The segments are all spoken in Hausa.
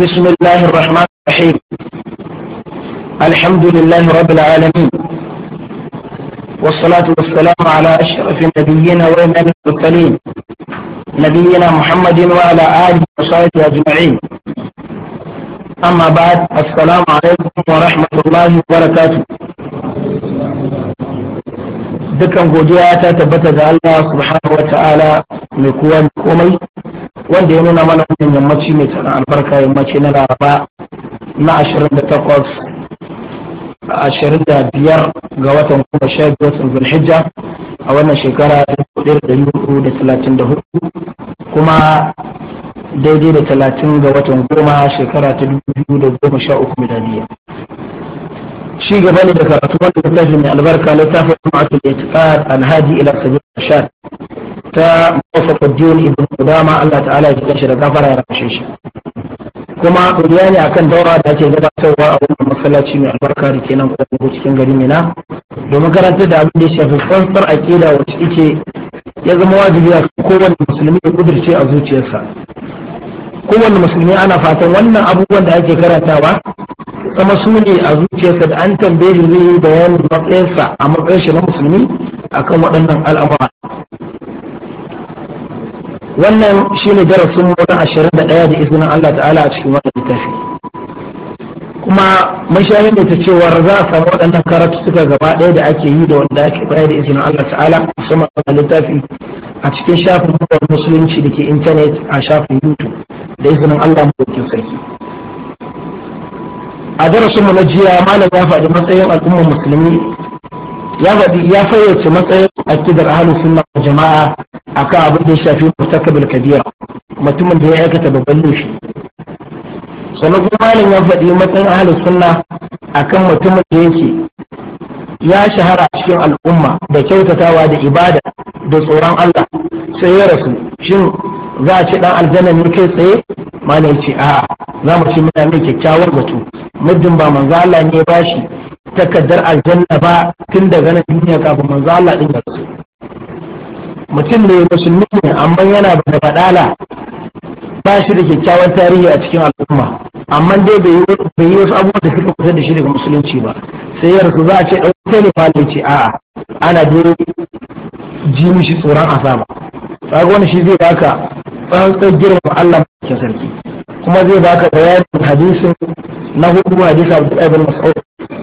بسم الله الرحمن الرحيم الحمد لله رب العالمين والصلاة والسلام على أشرف النبيين وإمام المرسلين نبينا محمد وعلى آله وصحبه أجمعين أما بعد السلام عليكم ورحمة الله وبركاته ذكر godiya ta الله سبحانه وتعالى من wa wanda ya nuna mana wannan yammaci mai tsaron albarka yammaci na laraba na ashirin da takwas ashirin da biyar ga watan kuma sha biyu watan zulhijja a wannan shekara da talatin da hudu kuma daidai da talatin ga watan goma shekara ta dubu da goma sha uku shi gaba ne da karatu wanda tafi mai albarka littafin ma'atul itiqad alhaji ila sabil rashad ta Musafuddin ibn Qudama Allah ta'ala ya kike shi da gafara ya rashe shi kuma duniya ne akan daura da ake gabatarwa a wannan masallaci mai albarka da kenan nan ko cikin gari Mina domin karanta da abin da ya shafi fansar akida wacce ike ya zama wajibi a kowane musulmi ya kudirce a zuciyarsa kowane musulmi ana fatan wannan abubuwan da ake karantawa kuma su ne a zuciyarsa da an tambaye zai yi bayanin matsayinsa a matsayin shi na musulmi akan waɗannan al'amura wannan shine darasin mu na ashirin da izinin Allah ta'ala a cikin wannan littafi kuma mun sha da ta za a samu waɗannan karatu suka gaba ɗaya da ake yi da wanda ake bayar da izinin Allah ta'ala musamman a littafi a cikin shafin kowar musulunci da ke intanet a shafin youtube da izinin Allah mu ke sarki a darasin mu na jiya malam ya faɗi matsayin al'ummar musulmi ya gadi ya fayyace matsayin akidar ahlus sunna wal jama'a akan abin da ya shafi murtakabul kabira mutumin da ya aikata babban laifi sannan kuma malam ya faɗi matsayin ahlus sunna akan mutumin da yake ya shahara a cikin al'umma da kyautatawa da ibada da tsoron Allah sai ya rasu shin za a ce dan aljanna ne kai tsaye malam ce a'a za mu ce muna mai kyakkyawar batu muddin ba manzo Allah ne ya bashi takardar aljanna ba tun daga nan duniya kafin manzo Allah din ya mutum ne musulmi ne amma yana da badala ba shi da kyakkyawan tarihi a cikin al'umma amma dai bai yi wasu abubuwa da suka kusa da shi daga musulunci ba sai ya rasu za a ce ɗauke ne fa ce a'a ana dai ji mishi tsoron asaba kaga wani shi zai baka tsantsar girma Allah ke sarki kuma zai baka bayanin hadisin na hudu hadisi Abdullah ibn Mas'ud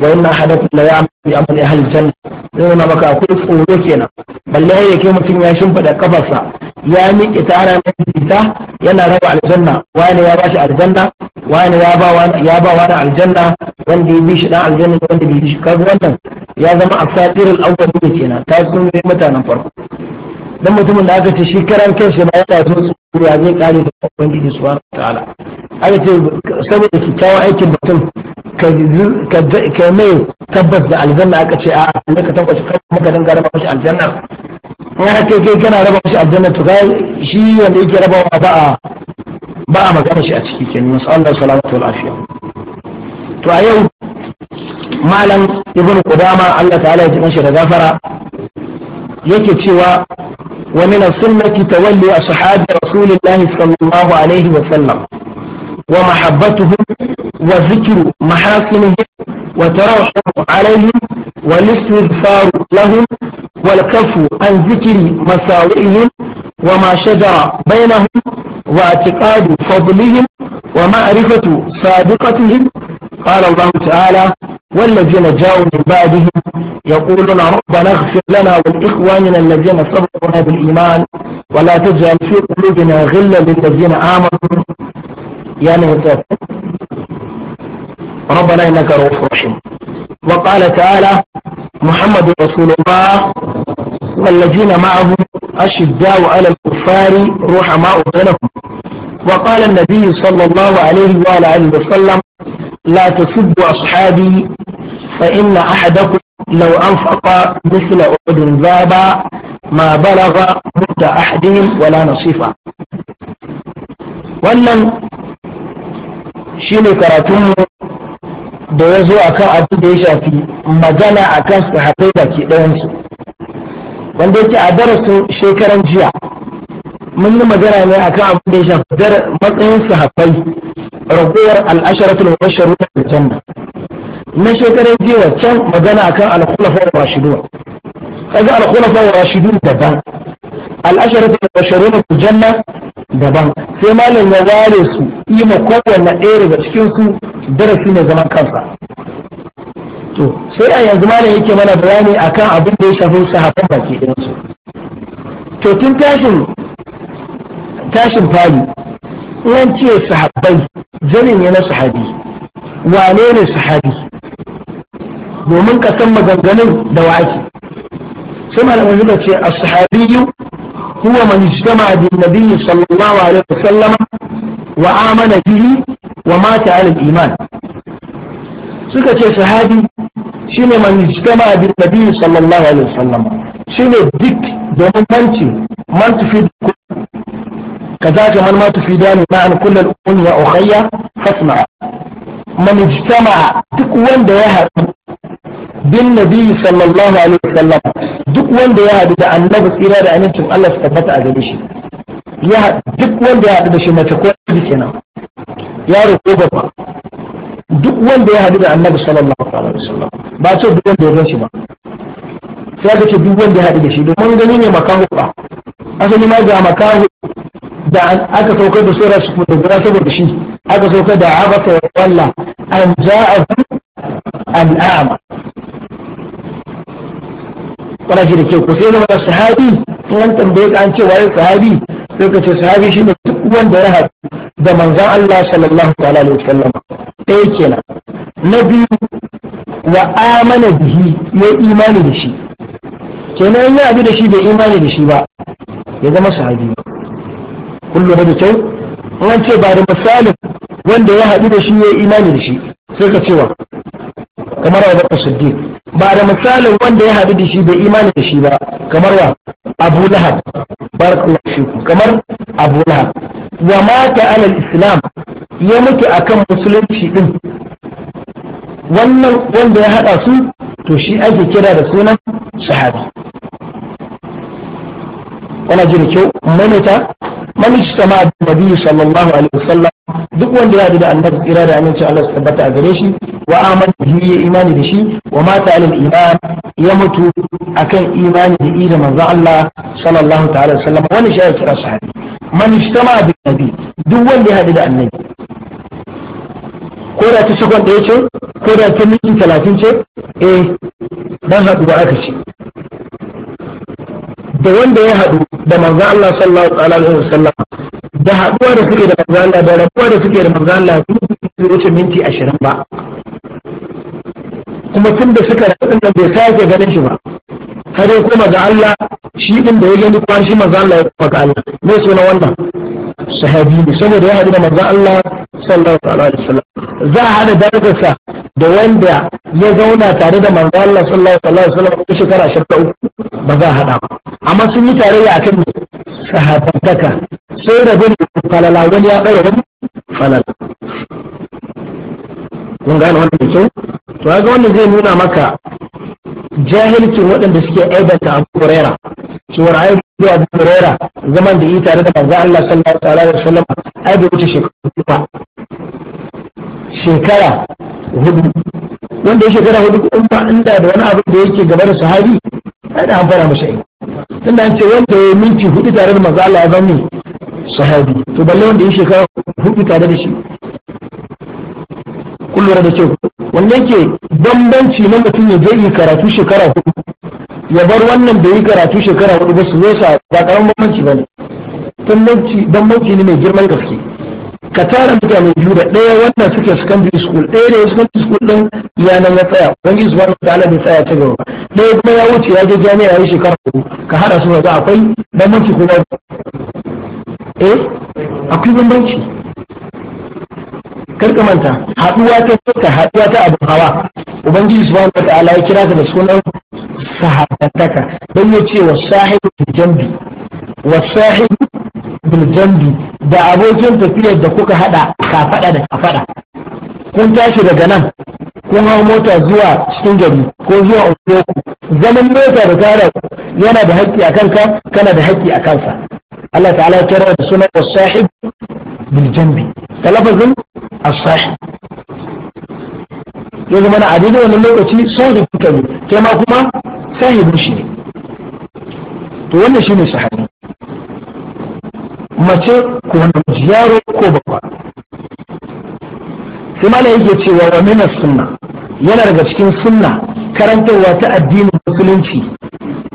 wa inna hadathu la ya'mal bi amali ahli janna zai na maka akwai tsoro kenan balle ya kai mutum ya shimfida kafarsa ya miƙe tara ana fita yana raba aljanna wani ya bashi aljanna wani ya ba wani ya ba wani aljanna wanda ya bi dan aljanna wanda bai bi kaga wannan ya zama asatir al-awwal ne kenan ta sun yi mutanen farko dan mutumin da aka ce shi karan kanshi ma yana so su ya zai kare da ubangiji subhanahu wataala aka ce saboda kyakkyawan aikin mutum ka mai tabbas da aljanna aka ce a ne ka tabbas ka maka dan garaba shi aljanna in har kai kai kana raba shi aljanna to kai shi wanda yake rabawa ba a ba a magana shi a ciki kenan masu Allah salamatu wal afiya to a yau malam ibnu qudama Allah ta'ala ya ji shi da gafara yake cewa wa min as-sunnati tawalli ashabi rasulillahi sallallahu alaihi wa sallam ومحبتهم وذكر محاسنهم وتراحم عليهم والاستغفار لهم والكف عن ذكر مساوئهم وما شجر بينهم واعتقاد فضلهم ومعرفة صادقتهم قال الله تعالى والذين جاءوا من بعدهم يقولون ربنا اغفر لنا ولإخواننا الذين سبقونا بالإيمان ولا تجعل في قلوبنا غلا للذين آمنوا يا نهتاف ربنا إنك رؤوف رحيم وقال تعالى محمد رسول الله والذين معه أشداء على الكفار رحماء بينهم وقال النبي صلى الله عليه وآله وسلم لا تسبوا أصحابي فإن أحدكم لو أنفق مثل أحد ذابا ما بلغ مد أحدهم ولا نصيفا wannan shine karatun da ya zo a kan abin da ya shafi magana a kan sahabai da ke ɗayansu wanda yake a darasin shekaran jiya mun yi magana ne a kan abin da ya shafi matsayin su sahabai ragowar al'asharatul basharu da aljanna na shekaran jiya can magana a kan alkhulafa wa rashidun kaga alkhulafa wa rashidun daban al'asharar da bashirin da janna daban sai malam ya ware su yi ma kowanne ɗaya daga cikin su darasi na zaman kansa sai a yanzu malam yake mana bayani akan abin da ya shafi sahabban baki ɗin su tun tashin tashin fali in ce sahabbai zanin ya na sahabi wane ne sahabi domin ka san maganganun da wa ake sai malamai suka ce as-sahabiyyu هو من اجتمع بالنبي صلى الله عليه وسلم وآمن به ومات على الإيمان سكة صحابي شين من اجتمع بالنبي صلى الله عليه وسلم شين الدك دومن منتي من تفيد كذاك من ما تفيدان معا كل الأم يا أخي فاسمع من اجتمع تكون ده bin nabi sallallahu alaihi wasallam duk wanda ya hadu da annabi tsira da amincin Allah su tabbata a gare shi ya duk wanda ya hadu da shi mace ko namiji kenan yaro ko babba duk wanda ya hadu da annabi sallallahu alaihi wasallam ba ce duk wanda ya gan shi ba sai ka ce duk wanda ya hadu da shi domin gani ne makaho ba asali ma ga makaho da aka saukar da sura su da gura saboda shi aka saukar da abasa wa walla an ja'a al-a'ma kwana shi da kyau ko sai zama sahabi in an tambaye ka an ce waye sahabi sai ka ce sahabi shine duk wanda ya haɗu da manzon Allah sallallahu alaihi wa sallam ɗaya kenan na biyu wa amana bihi ya imani da shi kenan ya abi da shi bai imani da shi ba ya zama sahabi kullum da kyau an ce ba da misalin wanda ya haɗu da shi ya imani da shi sai ka cewa kamar wa Abubakar Siddiq ba da misalin wanda ya haɗu da shi bai imani da shi ba kamar wa Abu Lahab barakallahu kamar Abu Lahab wa mata alal Islam ya mutu akan musulunci din wannan wanda ya haɗa su to shi ake kira da sunan sahabi wana ji da kyau maimaita man istama da nabi sallallahu alaihi wasallam duk wanda ya da annabi da aminci Allah su tabbata a gare shi wa amana bihi ya imani da shi wa mata iman ya mutu akan imani da ida manzo Allah sallallahu ta'ala wasallam wani shi ya kira sahabi da nabi duk wanda ya da annabi ko da ta sakon ce ko da ta minti talatin ce eh dan haɗu ba aka ce da wanda ya haɗu da manzo Allah sallallahu alaihi wasallam da haɗuwa da suke da manzo Allah da rabuwa da suke da manzo Allah su wuce minti ashirin ba kuma tun da suka rabu nan bai sake ganin shi ba har ya koma ga Allah shi din da ya gani kwan shi manzo Allah ya koma ga Allah me suna wannan sahabi ne saboda ya haɗu da manzo Allah sallallahu alaihi wasallam za a hada darajarsa da wanda ya zauna tare da manzo Allah sallallahu alaihi wasallam a shekara 23 ba za a hada amma sun yi tarayya akan sahabbataka sai da bin falala wani ya tsaya wani falala kun gane wannan da kyau to ga wannan zai nuna maka jahilcin waɗanda suke a Abu Huraira cewar ai da Abu zaman da yi tare da manzo Allah sallallahu alaihi wasallam ai bai wuce shekara shekara hudu wanda ya shekara hudu kun ba inda da wani abu da yake gaba da sahabi ai da an fara masa yi tunda an ce wanda ya minti hudu tare da manzo Allah ya zama sahabi to balle wanda ya shekara hudu tare da shi kullum da kyau wanda yake bambanci na mutum ya je yi karatu shekara hudu ya bar wannan da yi karatu shekara hudu ba su zai sa ba karamin bambanci ba ne bambanci ne mai girman gaske ka tara mutane biyu da ɗaya wannan suke secondary school ɗaya da secondary school ɗin ya nan ya tsaya wani zuwa ta ala da tsaya ta gaba ɗaya kuma ya wuce ya je jami'a ya yi shekara hudu ka haɗa su ga akwai bambanci ko babu eh akwai bambanci ka manta haɗuwa ta fuska haɗuwa ta abu hawa ubangiji wani wa ala ya kira ta da sunan sahabataka don ya ce wa sahibu jambi wa sahibu biljambi da abokin tafiyar da kuka hada kafada da kafada kun tashi daga nan kun hau mota zuwa cikin gari ko zuwa otoku zaman mota da tara yana da haƙƙi a kanka kana da haƙƙi a kansa Allah ta'ala ya kira da sunan wasahib biljambi ta lafazin as-sahib ya zama na adidai wani lokaci sahib kuka ne kai ma kuma sahibin shi ne to wannan shine sahabi mace ko namiji yaro ko babba sai mala yake cewa wa mina sunna yana daga cikin sunna karantarwa ta addinin musulunci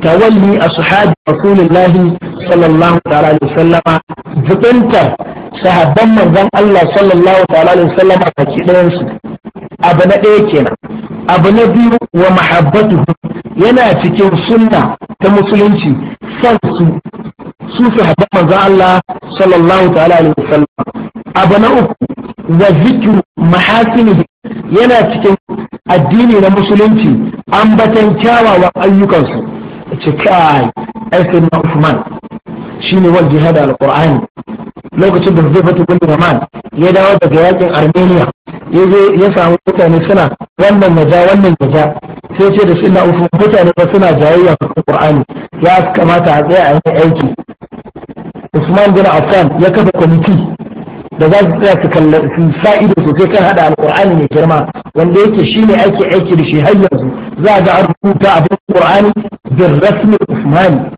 tawalli ashabi rasulillahi sallallahu ta'ala alaihi sallama zubinta sahabban manzon Allah sallallahu ta'ala alaihi sallama baki ɗayan su abu na ɗaya kenan abu na biyu wa mahabbatu yana cikin sunna ta musulunci san su su su haɗa manzan Allah sallallahu ta'ala alaihi wasallam abu na uku wa zikru mahasini yana cikin addini na musulunci ambatan kyawawan ayyukansu ce kai aikin na Uthman shine wal jihad al-Qur'ani lokacin da zai fata gundun Yaman ya dawo daga yakin Armenia ya samu mutane suna wannan ya ja wannan ya ja sai ce da suna ufu mutane ba suna jayayya a Qur'ani ya kamata a tsaya a yi aiki Usman bin Affan ya kafa kwamiti da za su tsaya su kallafi sa'ido sosai kan hada alkur'ani mai girma wanda yake shi ne ake aiki da shi har yanzu za ga an rubuta abin qur'ani bin rasmi Usman.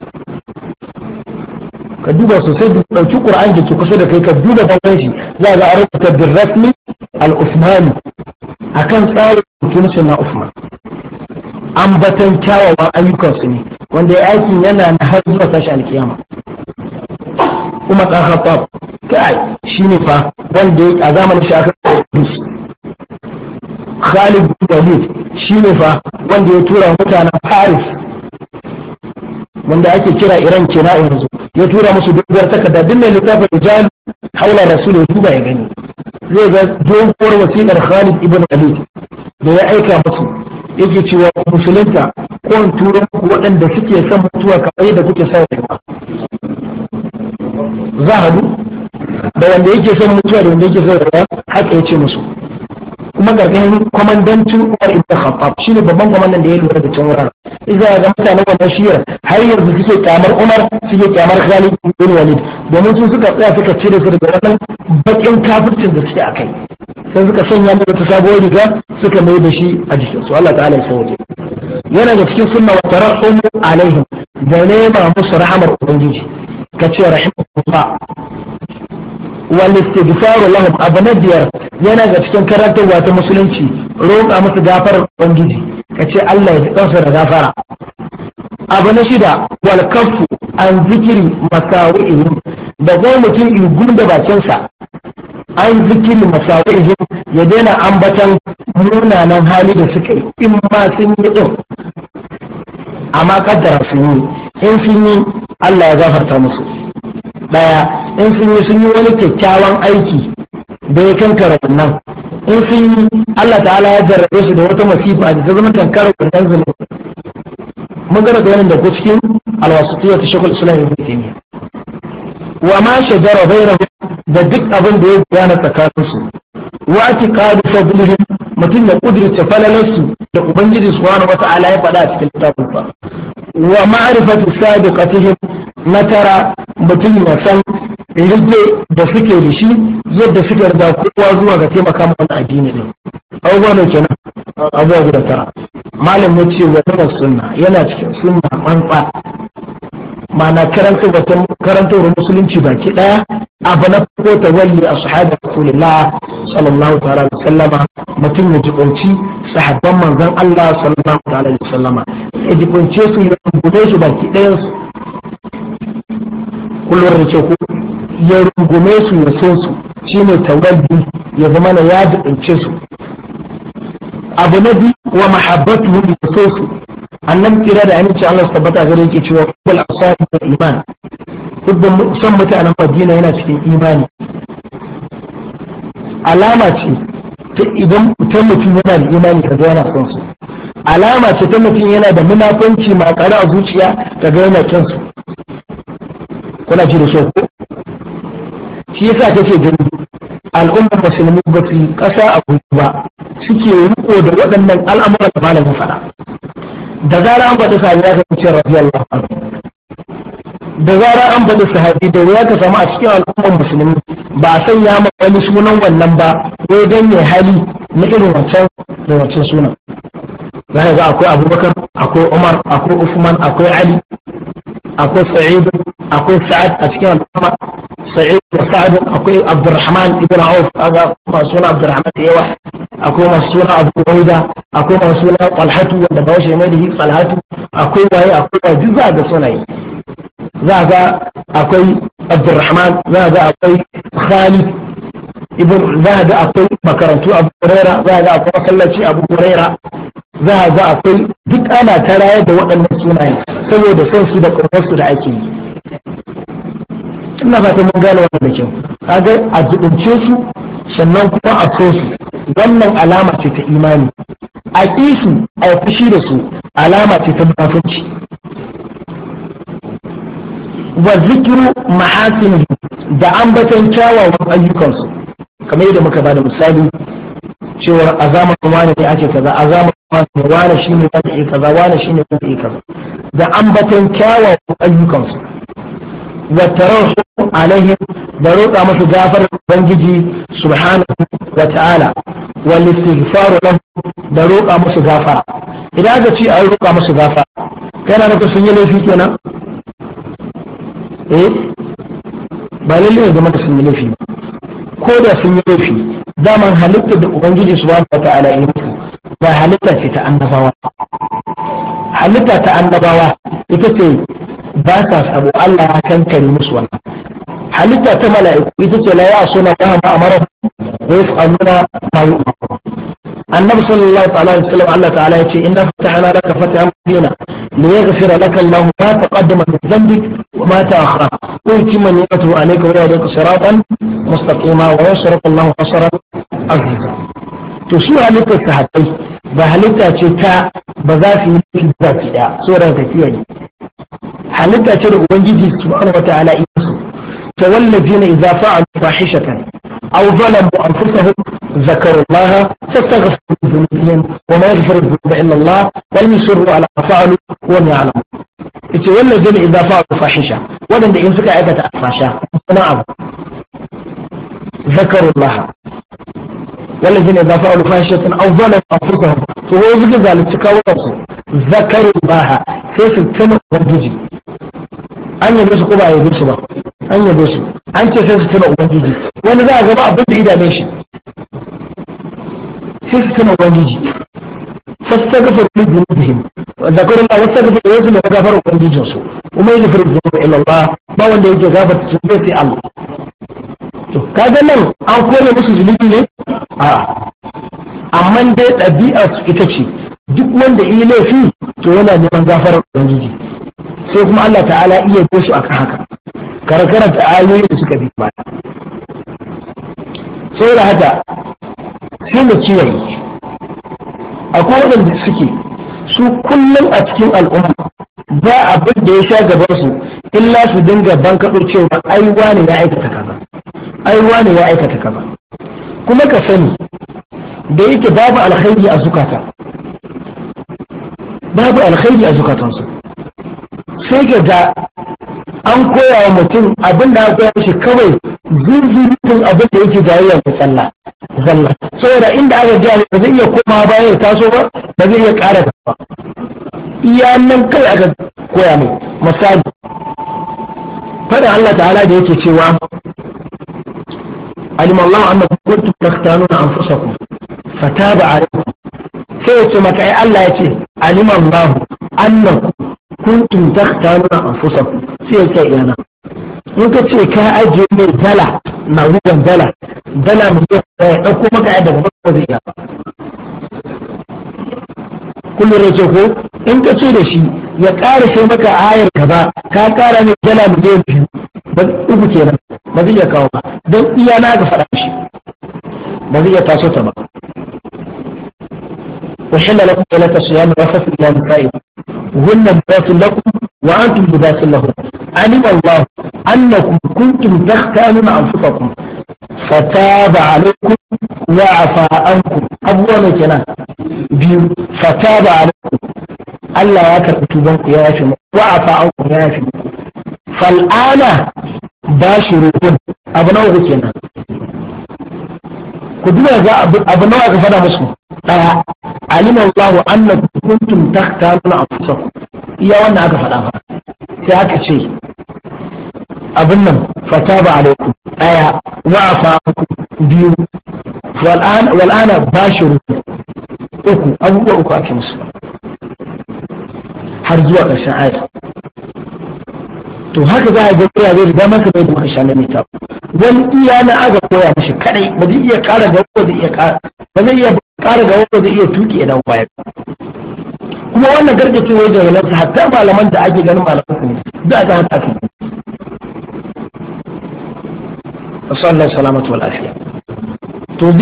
ka duba sosai da dauki qur'ani da ke kusa da kai ka duba bangon shi za ga an rubuta bin rasmi al-usmani akan tsarin mutuncin na usman an batan kyawawan ayyukansu ne wanda ya aikin yana na har zuwa sashi alkiyama kuma ɗan Khattab kai ne fa wanda a zamanin shakar aka Kudus Khalid bin Walid ne fa wanda ya tura mutanen Paris wanda ake kira Iran kina yanzu ya tura musu doguwar takarda duk mai littafin rijal haula rasul ya duba ya gani zai ga doguwar wasiƙar Khalid ibn Walid da ya aika musu yake cewa musulunta ko in waɗanda suke son mutuwa kamar yadda kuke sa za hadu da wanda yake son mutuwa da wanda yake son rayuwa haka ya ce musu kuma gargaɗin kwamandancin umar ibn khattab shine babban kwamandan da ya lura da can wuraren idan ga mutane wannan shiyar har yanzu suke kyamar umar suke kyamar khalid ibn walid domin sun suka tsaya suka cire su daga wannan bakin kafircin da suke akai sai suka sanya mu ta sabuwar riga suka mai da shi a jikin su Allah ta'ala ya sauke yana da cikin sunna wa tarahum alaihim da ma musu rahamar ubangiji ka ce wal istighfaru lahum abu na biyar yana ga cikin karantarwa ta musulunci roƙa musu gafarar ubangiji ka ce Allah ya ji da gafara abu shida wal kafu an zikiri masawi'ihim da zai mutum igun da bakinsa an zikiri masawi'ihim ya daina ambatan munanan hali da suka yi in ma sun yi din amma kaddara sun yi in sun yi Allah ya gafarta musu daya in sun yi sun yi wani kyakkyawan aiki da ya kankara wannan in sun yi Allah ta'ala ya jarrabe su da wata masifa da ta zama kankara wannan zunubi mun gara da wannan da ku cikin alwasitiyya ta shekul islam ibn taymiya wa ma shajara bainahum da duk abin da ya gudana tsakaninsu wa atiqadu fadlihim mutum ya kudirce falalarsu da ubangiji subhanahu wa ta'ala ya faɗa a cikin littafin fa wa ma'rifatu sabiqatihim na tara mutum ya san yadda da suke da shi yadda suke da kowa zuwa ga taimaka mana wani addini ne abubuwa ne kenan abubuwa guda tara malam ya ce wa tana sunna yana cikin sunna tsantsa karanta karantarwar musulunci baki daya abu na farko ta walli a sahabar rasulullah sallallahu ta'ala da sallama mutum ya jibinci sahabban manzon Allah sallallahu ta'ala wa sallama ya jibince su ya rungume su baki ɗayan su kullum da ce ku ya rungume su ya so su shine tawalli ya zama na ya jibince su abu na biyu wa mahabbatu ya so su annabi kira da aminci Allah tabbata gare yake cewa kul asabi iman hubban son mutanen madina yana cikin imani alama ce ta idan mutum mutum yana da imani kaga yana son su alama ce ta mutum yana da munafanci makare a zuciya kaga yana kyan su kuna ji da shi ko shi yasa ce gani al'ummar musulmi ba su kasa ƙasa a ba suke riko da waɗannan al'amuran da malamin faɗa da zara an faɗi sami ya kan ce radiyallahu anhu da zarar an faɗi sahabi da ya ka samu a cikin al'ummar musulmi ba a sanya ma wani sunan wannan ba wai dan mai hali na irin wancan da wancan sunan za ga akwai abubakar akwai umar akwai usman akwai ali akwai sa'id akwai sa'ad a cikin al'umma sa'id da sa'ad akwai abdurrahman ibn auf aga masu suna abdurrahman da yawa akwai masu suna abu ubaida akwai masu suna talhatu wanda ba shi mai da yi falhatu akwai waye akwai waye duk za ga sunaye za ga akwai abdurrahman za ga akwai khalid ibn za ga akwai makarantu abu huraira za ga akwai masallaci abu huraira za ga akwai duk ana ta da waɗannan sunayen saboda son su da su da ake yi ina fata mun gane wannan da kyau kaga a zubunce su sannan kuma a so su wannan alama ce ta imani a ƙi su a fushi da su alama ce ta munafunci wa zikiru mahasinihi da ambatan kyawawan ayyukansu kamar yadda muka bada misali cewa a zamanin wani ne ake kaza a zamanin wani shi ne wani iya kaza wani shi ne wani iya kaza da ambatan kyawawan ayyukansu wa tarahu alaihim da roƙa musu gafar ubangiji subhanahu wa ta'ala wa istighfaru lahu da roƙa musu gafara idan aka ci a roƙa musu gafara kana nufin sun yi laifi kenan Eh? ba lalle ne zama da sun yi laifi ba ko da sun yi laifi daman halitta da ubangiji wata wata'ala ya mutu ba halitta ce ta annabawa halitta ta annabawa ita ce ba ta sabo Allah ya kankare musu wannan halitta ta mala'iku ita ce la ya suna ya ma amara wa yaf'aluna ma yu'mar annabi sallallahu ta'ala alaihi wasallam Allah ta'ala yace inna fatahna laka fatahan mubina li yaghfira laka Allah ma taqaddama min dhanbik wa ma ta'akhkhara wa yutimma ni'matahu alayka wa yahdika siratan mustaqima wa yasrif Allah hasran azza to su halitta ta hakai ba halitta ce ta ba za su yi nufi ba ki da da ubangiji subhanahu wa ta'ala ya su tawallazina idza fa'alu fahishatan أو ظلموا أنفسهم ذكروا الله فاستغفروا لذنوبهم وما يغفر الذنوب إلا الله ولم يصروا على ما فعلوا وهم يعلمون yace wannan zai idan fa'u fahisha wadanda in suka aikata alfasha kuma abu zakarullaha wannan zai idan fa'u fahisha tun aw zalam anfusahum to wai suka zalunci kawunan su zakarullaha sai su tuna ubangiji an ba an an ce sai su tuna ubangiji wani za a gaba abin da idanun shi sai su tuna ubangiji Allah فاستغفر لذنوبهم ذكر الله واستغفر لذنوبهم وغفر وانجزوا وما يغفر الذنوب الا Allah. Ba wanda yake gafarta zunubi sai Allah to kaga nan an kone musu zunubi ne a amma dai ɗabi'a su ita ce duk wanda yi laifi to yana neman gafarar ubangiji sai kuma Allah ta'ala iya bo su akan haka ta ayoyi da suka bi ba sai da haka sai mu kiyaye akwai waɗanda suke su kullum a cikin al'umma ba abin da ya sha gaban su illa su dinga bankaɗo cewa ai wane ya aikata kaza ai ya aikata kaza kuma ka sani da yake babu alkhairi a zukata babu alkhairi a zukatansu sai ga an koya wa mutum abin da aka koya shi kawai zuzurutun abin da yake jayayya da sallah zalla saboda inda aka ji ba zai iya koma bayan ya taso ba ba zai iya ƙara ba iya nan kai aka koya mai misali fada Allah ta'ala da yake cewa alim Allah amma kuntum taqtanuna anfusakum fataba alaykum sai ya ce maka ai Allah ya ce Alimallahu Allah annakum kuntum takhtaluna anfusakum sai ya kai yana in ka ce ka ajiye mai dala na wuyan dala dala mu zai ya dauko maka ya daga maka zai ya kullum ya ko in ka ce da shi ya ƙara sai maka ayar kaza ka ƙara mai dala mu zai biyu ba uku kenan ba zai ya kawo ba don iya na ga faɗa shi ba zai ya taso ta ba وحل لكم ليلة الصيام الرفث إلى نسائكم hunna libasun lakum wa antum libasun lahum alima Allah annakum kuntum takhtanuna anfusakum fataba alaikum wa afa ankum abuwa kenan biyu fataba alaikum Allah ya karɓi tuban ya yafe muku wa afa ya yafe muku abu nawa ku duba abu nawa ka fada musu ɗaya. علم الله انكم كنتم تختارون انفسكم يا وانا اكو فدا ما سي هكا شي ابن فتاب عليكم ايا وعفا لكم ديو والان والان باشر اكو ابو اكو اكو اكو مسلم هر جوا قشن عايز تو هكا جاي جوريا غير جاما كبير ما شاء الله ميتاب ولي انا اكو يا مشي كري بدي اي كارا جوا بدي اي كارا بدي اي ƙara ga wanda zai iya tuki idan baya kuma wannan gargacewa da yalansu hatta malaman da ake ganin malaman ne da a ga hata su sallar salamatu wal afiya to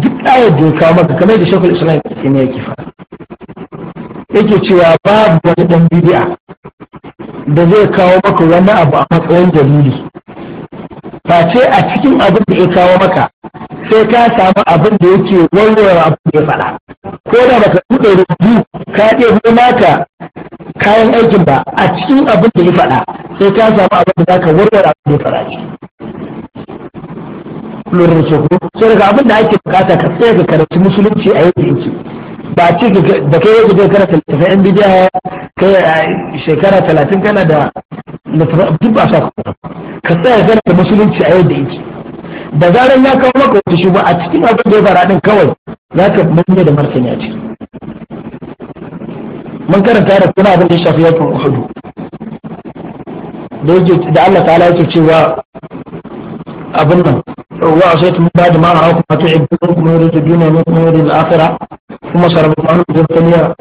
duk ayar da ya kawo maka kamar da shekul islam ne yake fara yake cewa babu wani dan bidi'a da zai kawo maka wani abu a matsayin dalili ba ce a cikin abin da ya kawo maka sai ka samu abin da yake warware abin da ya faɗa ko da ba ka buɗe rubutu ka ɗebo maka kayan aikin ba a cikin abin da ya faɗa sai ka samu abin da zaka warware abin da ya faɗa da soko so daga abin da ake bukata ka tsaya ka karanci musulunci a yadda yake ba ce da kai yadda kai karanta littafin yan bidiya kai a shekara talatin kana da littafin duk ba sa ka tsaya ka karanta musulunci a yadda yake da zaran ya kawo maka wata shuba a cikin abin da ya fara din kawai za ka manya da martani a ciki mun karanta da kuna abin da ya shafi yakin uhudu da yake da Allah ta'ala yake cewa abin nan wa asaitu min ba'd ma ra'akum fa tu'ibbukum wa yuridu dunya minkum wa yuridu al-akhirah kuma sarrafa anhum dunya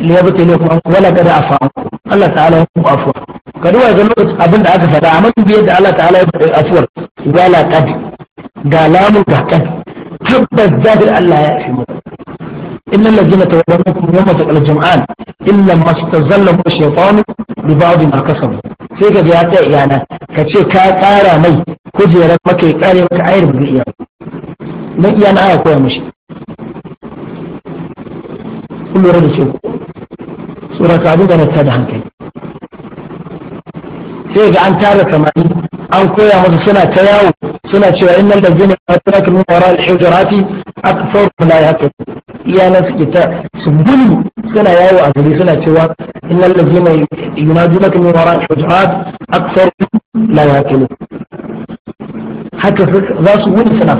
liyabtalikum wala qad afa Allah ta'ala ya ku afwa ka duba ga lokacin abin da aka faɗa amma biyar da Allah ta'ala ya faɗa afuwar wala qad ga lamu ga kan tabbas zadir Allah ya fi muku إن الذين تولوا يوم تقل الجمعان إلا ما استزلهم الشيطان ببعض ما كسبوا sai ka ya ta iyana ka ce ka ƙara mai kujerar maka ya ƙare maka ayar ba iya na iyana aya koya mashi kullum da ce سورة عبودة نتابع عن كي سيجا عن تابع كمان عن كويا مزسنا تياو سنة شوى إن الذين أتلاك من وراء الحجرات أكثر من آيها كتب يا ناس كتا سبون سنة ياو أزلي سنة شوى إن الذين ينادونك من وراء الحجرات أكثر من لا يأكلون حتى ذا سبون سنة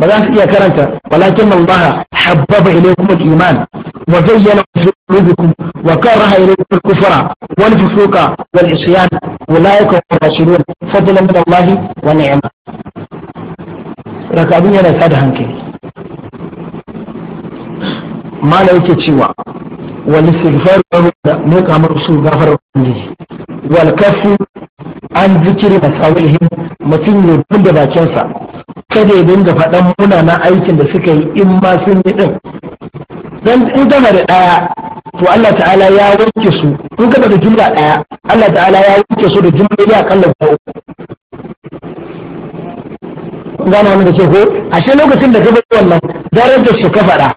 بلاس يا كرنتا ولكن الله حبب إليكم الإيمان وزين في قلوبكم وكره اليكم الكفر والفسوق والعصيان اولئك هم الراشدون فضلا من الله ونعمة ركابين يا أنا سادة هنكي ما لا يكتشوا والاستغفار موك أمر رسول غفر والكف عن ذكر مساوئهم mutum يبند باكيسا كده يبند فأنا منا faɗan munanan aikin إما سنة dan in gama da ɗaya to Allah ta'ala ya wanke su in gama da jumla ɗaya Allah ta'ala ya wanke su da jumla ya kalla guda uku gana wani da ce ko ashe lokacin da gaba wannan darajar su ka faɗa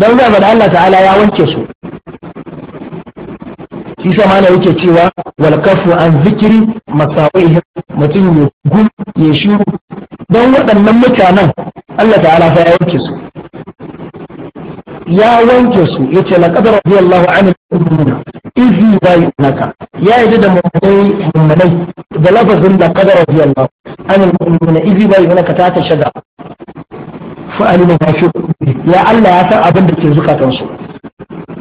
dan gama da Allah ta'ala ya wanke su shi sa mana yake cewa wal kafu an zikiri masawihi mutum ya gum ya shiru dan waɗannan mutanen Allah ta'ala fa ya wanke su ya wanke su Ya ce yace laqad radiyallahu anil mu'minina iz yubayyinaka ya yi da mummunai mummunai da lafazin da qad radiyallahu anil mu'minina iz yubayyinaka ta ta shaga fa alima ma ya Allah ya san abin da ke zukatan su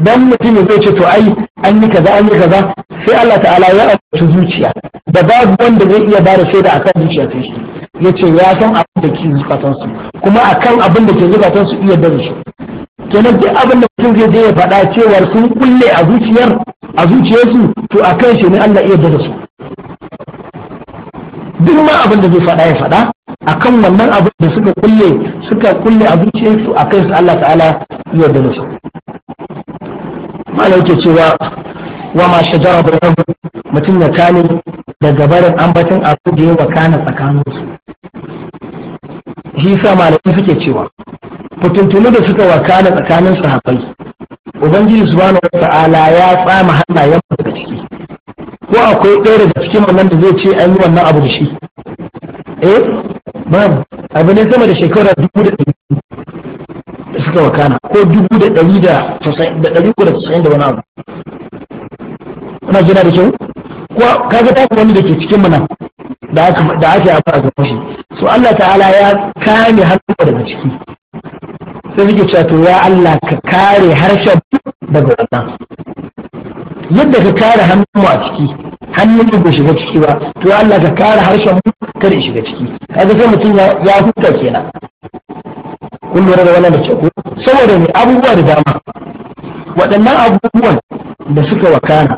dan mutum zai ce to ai an yi kaza an yi kaza sai Allah ta'ala ya rubuta zuciya da babu wanda zai iya bada shaida akan zuciya ta shi yace ya san abin da ke zukatan su kuma akan abin da ke zukatan su iya da shi kenan duk abin da mutum zai je ya faɗa cewar sun kulle a zuciyar a zuciyarsu to a kan shi ne Allah iya da su duk ma abin da zai faɗa ya faɗa kan wannan abin da suka kulle suka kulle a zuciyarsu a kan su Allah ta'ala iya da su malam yake cewa wa ma shajara bainahu mutum ya kane daga barin ambatin abu da ya wakana tsakaninsu shi sa malamai suke cewa fitintunu da suka wakana tsakanin sahabbai ubangiji subhanahu ta'ala ya tsama hannayen daga ciki ko akwai ɗaya daga cikin wannan da zai ce an yi wannan abu da shi eh babu abu ne sama da shekara dubu da ɗari da suka wakana ko dubu da ɗari da ɗari uku da tasa'in da wani abu kuna gina da kyau ko kaga ta wani da ke cikin mu nan da ake abu a gaban shi so Allah ta'ala ya kame hannu daga ciki sai suke cewa to ya Allah ka kare harshen daga wannan yadda ka kare hannunmu a ciki hannun bai shiga ciki ba to ya Allah ka kare harshen mu kada shiga ciki kaga sai mutum ya huta kenan kun lura da wannan da ce ko saboda ne abubuwa da dama waɗannan abubuwan da suka wakana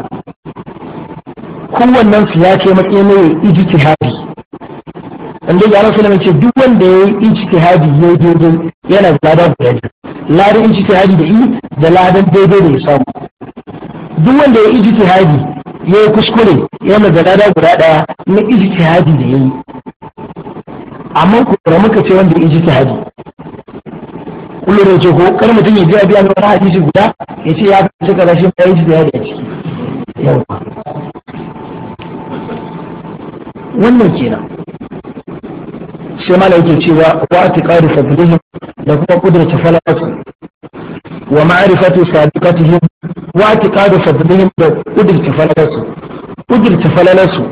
kowannen su ya kai matsayin ne ijtihadi wanda ya rasu ce duk wanda ya yi ijtihadi ya yi daidai yana da ladan guda biyu ladan ijtihadi da yi da ladan daidai da ya samu duk wanda ya yi ijtihadi ya yi kuskure yana da ladan guda daya na ijtihadi da ya yi amma ku da muka ce wanda ya yi ijtihadi kullum ce ko kar mutum ya ji biya na wani hadisi guda ya ce ya fi kaza shi ya yi ijtihadi a ciki yawa wannan kenan sai mala yake cewa wa atiqadu fadlihim da kuma kudrata falatu wa ma'rifatu sadiqatihim wa atiqadu fadlihim da kudrata falatu kudrata falatu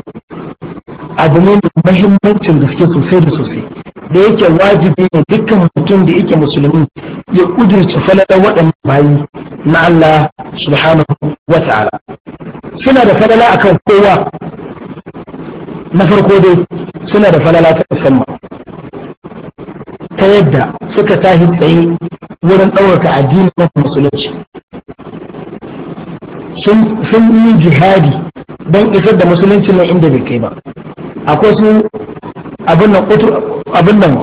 abu ne mai muhimmancin gaske sosai da sosai da yake wajibi ne dukkan mutum da yake musulmi ya kudirce falalar waɗannan bayi na Allah subhanahu wa ta'ala suna da falala akan kowa na farko dai suna da falala ta musamman ta yadda suka tashi tsaye wurin ɗaukaka na musulunci sun yi jihadi don isar da musulunci na inda bai kai ba akwai su abin nan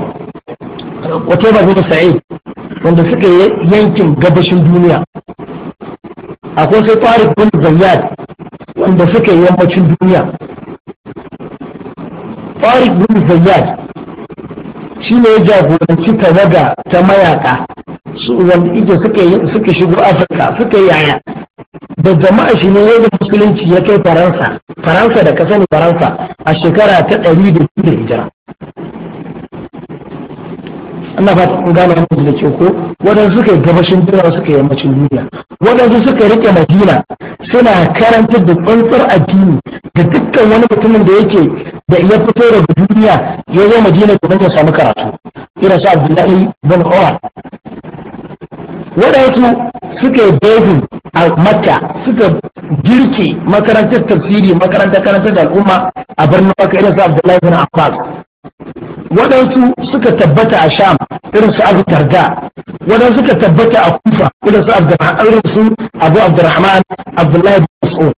wato ba zuwa sa'i wanda suka yi yankin gabashin duniya akwai sai tariq bin zayyad wanda suka yi yammacin duniya tariq bin zayyad shi ne ya jagoranci tawaga ta mayaka su wanda ido suka shigo afirka suka yi yaya da jama'a shi ne yadda musulunci ya kai faransa faransa da kasar faransa a shekara ta ɗari da biyu da hijira ana fata kun gane musu da ke ko waɗansu suka yi gabashin duniya suka yi yammacin duniya waɗansu suka riƙe madina suna karantar da tsantsar addini ga dukkan wani mutumin da yake da ya fito daga duniya ya zo madina domin ya samu karatu irin su abdullahi bin umar wadansu suka yi a makka suka girke makarantar tafsiri makarantar karantar al'umma a birnin makka irin su abdullahi bin abbas wadansu suka tabbata a sham irin su abu tarda wadansu suka tabbata a kufa irin su irin su abu abdurrahman abdullahi bin mas'ud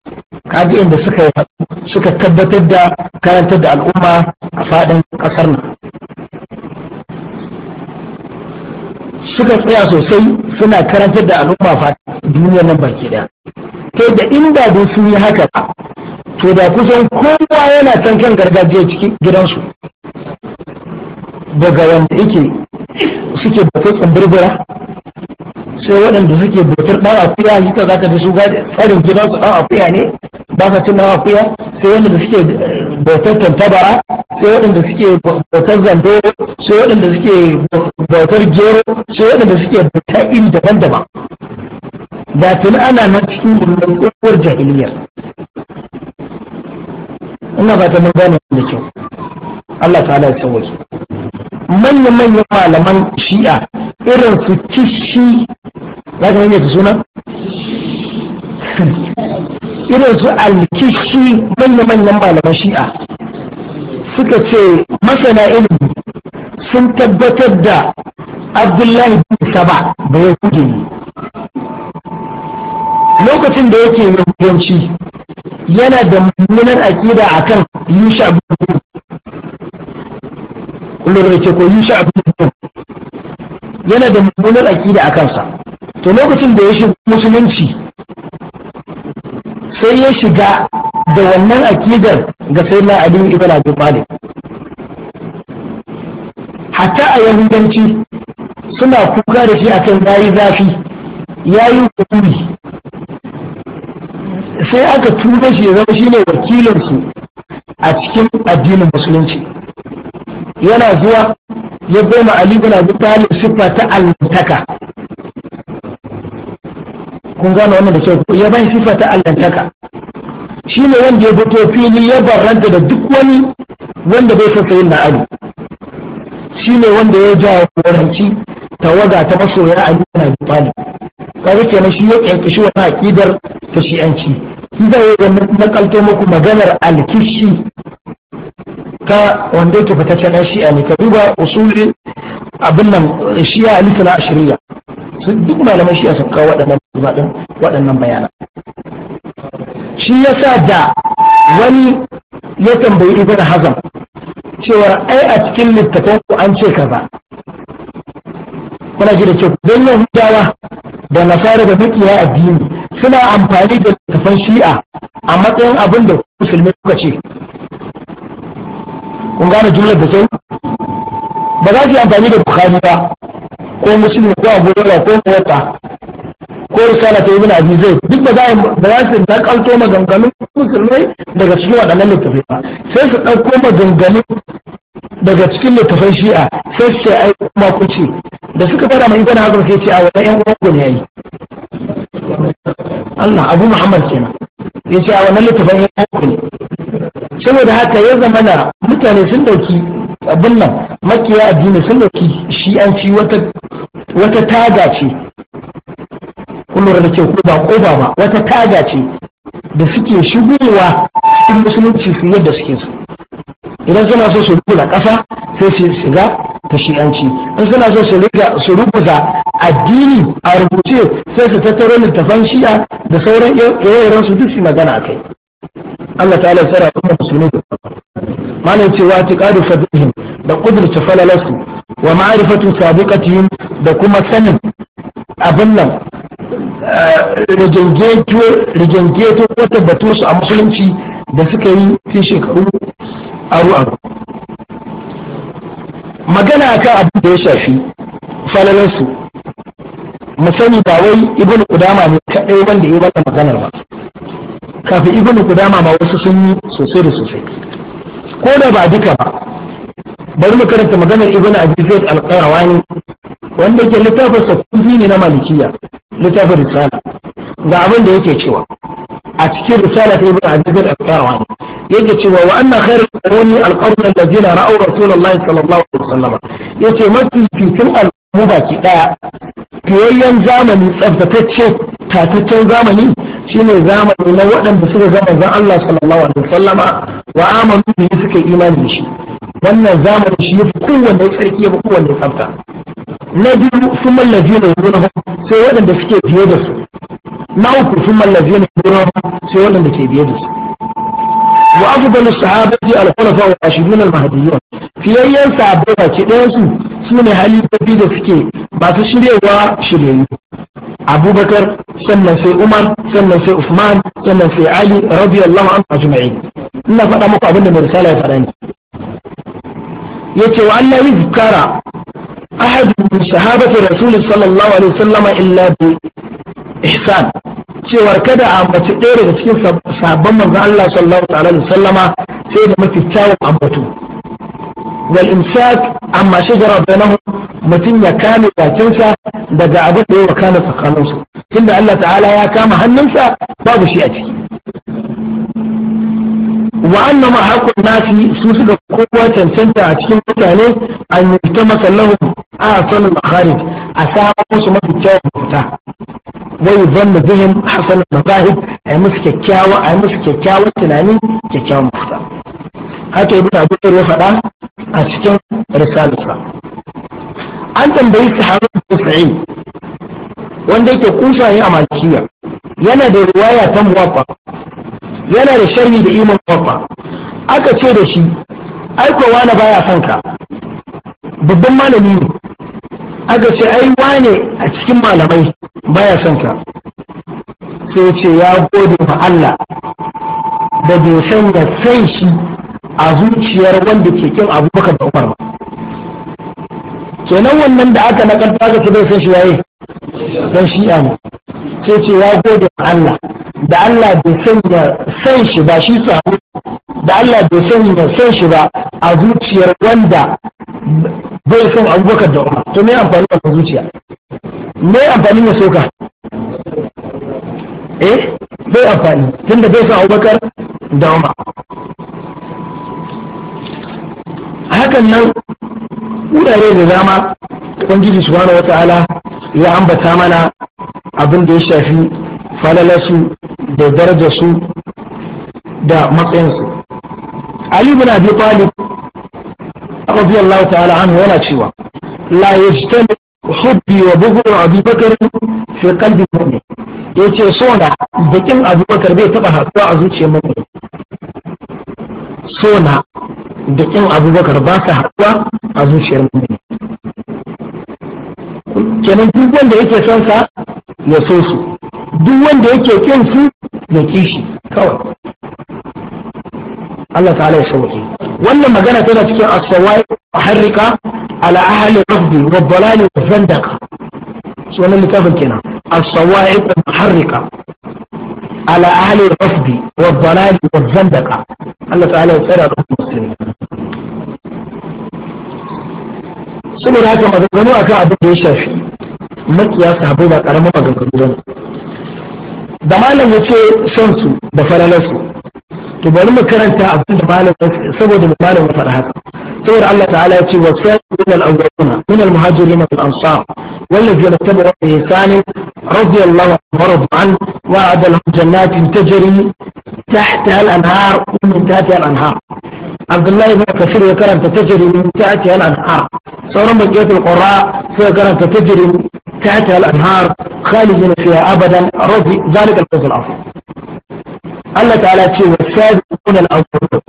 kaji inda suka yi suka tabbatar da karantar da al'umma a faɗin ƙasar nan suka tsaya sosai suna karantar da al'umma faɗin duniyar nan baki ɗaya to da inda dai sun yi haka ba to da kusan kowa yana can kan gargajiya cikin gidansu daga wanda yake suke bautar tsambirbira sai waɗanda suke bautar ɗan akuya yi ka zaka da su tsarin gidansu ɗan akuya ne ba sa cin nama akuya sai wadanda suke eh, bautar tantabara sai waɗanda suke bautar zando sai waɗanda suke bautar gero sai waɗanda suke bautar in daban-daban da tuni ana nan cikin murnar jahiliyar. ina ba ta mun gane da kyau Allah ta'ala ya sauwaki manya-manyan malaman shi'a irin su kishi za ka manya ta suna irin su alkishi manya-manyan malaman shi'a suka ce masana ilimi sun tabbatar da abdullahi bin saba da ya ne lokacin da yake yahudanci yana da mummunar akida a kan yusha bin kullum ce ko yusha bin yana da mummunar akida a kansa to lokacin da ya shiga musulunci sai ya shiga da wannan akidar ga sai na aliyu ibn abi talib hatta a yahudanci suna kuka da shi akan yayi zafi yayi kuri sai aka tura shi zama shine wakilinsu a cikin addinin musulunci yana zuwa ya goma ali ibn abi talib siffa ta almutaka kun gane wannan da kyau ya bai sifa ta allantaka shi ne wanda ya fito fili ya barranta da duk wani wanda bai sassa yin na'adu shi ne wanda ya jagoranci tawaga ta masoya a nuna bifani kaga kenan shi ya ƙyanƙashi wani aƙidar ta shi'anci shi zai yi nakalto muku maganar alkishi ka wanda yake fitaccen ɗan shi'a ne ka duba usulin abin nan shi'a alisa a shirya. sun duk malaman shi'a sun kawo waɗannan waɗannan bayanan shi ya sa da wani ya tambayi ibn hazam cewa ai a cikin littafin ku an ce kaza kuna ji da kyau don yahudawa da nasara da makiya addini suna amfani da littafin shi'a a matsayin abin da musulmi kuka ce kun gane jumlar da kyau ba za su yi amfani da bukhari ba ko muslim ko abu ko mota ko risala ta ibn abi zaid duk ba za ba za su nakalto maganganun musulmai daga cikin waɗannan littafai ba sai su ɗauko maganganun daga cikin littafan shi'a sai su ce ai kuma ku da suka fara mai gana haka sai ce a wannan yan uwan ne yayi Allah Abu Muhammad kenan ya ce a wannan littafan yan uwan ne saboda haka ya zama na mutane sun dauki abin nan makiya addini sun dauki shi'anci wata taga ce kullum da ke ba koba ba wata taga ce da suke shigowa cikin musulunci su yadda suke su idan suna so su rubuta kasa sai su shiga ta shi'anci in suna so su rubuta addini a rubuce sai su tattaro littafan shi'a da sauran yayaran su duk su magana a kai Allah ta'ala tsara musulunci malam cewa tiqadu fadlihim da qudrat falalasu wa ma'rifatu sabiqatihim da kuma sanin abin nan eh, rigengeto ko tabbatar su a musulunci da suka yi fi shekaru aru aru magana akan abin da ya shafi falalarsu mu sani ba wai ibn kudama ne kaɗai wanda ya bada maganar ba kafin ibn kudama ma wasu sun yi sosai da sosai ko da ba duka ba bari mu karanta maganar ibn abi zaid al-qarawani wanda yake littafin sa kufi ne na malikiya littafin risala ga abin da yake cewa a cikin risala ta ibn abi zaid al-qarawani yake cewa wa anna khairul quruni al-qurun allazina ra'aw rasulullahi sallallahu alaihi wasallam yace mafi fitin al-mu baki daya fiyayyen zamani tsabtatacce tataccen zamani shine zamani na waɗanda suka ga zan Allah sallallahu alaihi wasallama wa amanu bi suka imani da shi wannan zamani shi yafi kowanne tsarki yafi kowanne tsafta na biyu sun mallaje ne gurin sai waɗanda suke biye da su na uku sun mallaje ne gurin sai waɗanda ke biye da su wa afdalu sahabati al-khulafa wa ashirin al-mahdiyyun fiyayyen sahabbai ba ki ɗayan su su ne halifofi da suke masu shiryewa shiryayyu abubakar sannan sai umar sannan sai usman sannan sai ali radiyallahu anhu ajma'in ina faɗa muku abin da mai risala ya faɗa ne yace wa Allah yuzkara ahad min sahabati rasul sallallahu alaihi wasallam illa bi ihsan cewar kada a mace ɗaya daga cikin sabon manzon Allah sallallahu alaihi wasallama sai da mafi an ambato والإمساك أما شجرة بينهم متنيا كاملة إذا تنسى دقى عبد الله وكان سخانوس إلا الله تعالى يا كام هننسى باب شيئتي وأنما حق الناس سوسك قوة تنسنت عشين مثالي أن يلتمس لهم أعصال المخارج أساموس ما تتشاوه بفتاة ويظن بهم حصل المظاهر أمس كاكاوة أمس كاكاوة تناني كاكاوة مفتاة هاتوا يبقى أبو الله a cikin risalarsa an tambayi sahabin Sa'id wanda yake kusa ya malikiya yana da riwaya ta muwaffa yana da sharhi da iman muwaffa aka ce da shi aiko wani baya son ka babban malami ne aka ce ai wane a cikin malamai baya son ka sai ce ya gode ma Allah da bai ya san shi a zuciyar wanda ke kin abubakar da umar ba kenan wannan da aka karfa ga bai san shi yayi dan shi'a ne sai ce ya gode wa Allah da Allah bai sanya san shi ba shi sahabu da Allah bai sanya san shi ba a zuciyar wanda bai san abubakar da umar to me amfani da zuciya me amfani ya soka eh bai amfani tunda bai san abubakar da umar hakan nan wurare da dama ubangiji subhanahu wata'ala ya ambata mana abin da ya shafi falalarsu da darajarsu da matsayinsu ali bin abi talib radiyallahu ta'ala anhu yana cewa la yajtami hubbi wa bughdu abi bakr fi qalbi mu'min yace so na bakin abubakar bai taba haɗuwa a zuciyar mu'min so na da ƙin abubakar ba ta haɗuwa a zuciyar mummuni kenan duk wanda yake son sa ya so su duk wanda yake ƙin su ya kishi kawai Allah ta'ala ya sauke wannan magana tana cikin asawai harrika ala ahli rabbi wa dalali wa zandaka sunan littafin kenan asawai harrika على أهل الرفض والضلال والزندقة الله تعالى يسأل da المسلمين saboda haka maganganu a kan abin da ya shafi makiya sahabbai ba karamin maganganu ba ne da malam ya ce son su da falalarsu to bari mu karanta abin da malam saboda mu malam ya faɗa haka saboda Allah ta'ala ya ce wa sayyidun al-awwaluna min al-muhajirin wal ansar والذين اتبعوا بإحسان رضي الله عنهم ورضوا عنه وأعد لهم جنات تجري تحتها الأنهار ومن تحتها الأنهار abdullahi ibn kafir ya karanta tajri ta ta'ati al-anhar sauran baqiyatul qurra sai karanta tajri min ta'ati al-anhar khalidin fiha abadan radi zalika al-fawz al-azim Allah ta'ala ce wa sabiquna al-awwalun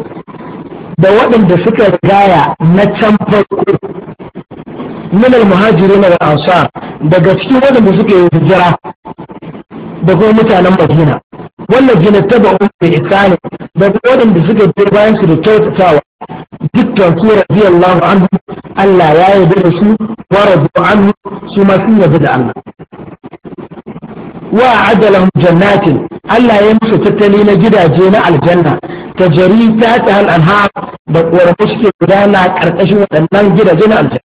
da waɗanda suka gaya na can farko min al-muhajirin wal ansar daga cikin waɗanda suke yi hijira da kuma mutanen Madina wannan jina tabi'un bi ihsani da waɗanda suka biyo bayan su da kyautatawa dukkan su radiyallahu anhu Allah ya yarda da su wa radu anhu su ma sun yarda da Allah wa adalahum jannatin Allah ya musu tattali na gidaje na aljanna ta ta ta hal anhar da korafi suke gudana karkashin waɗannan gidaje na aljanna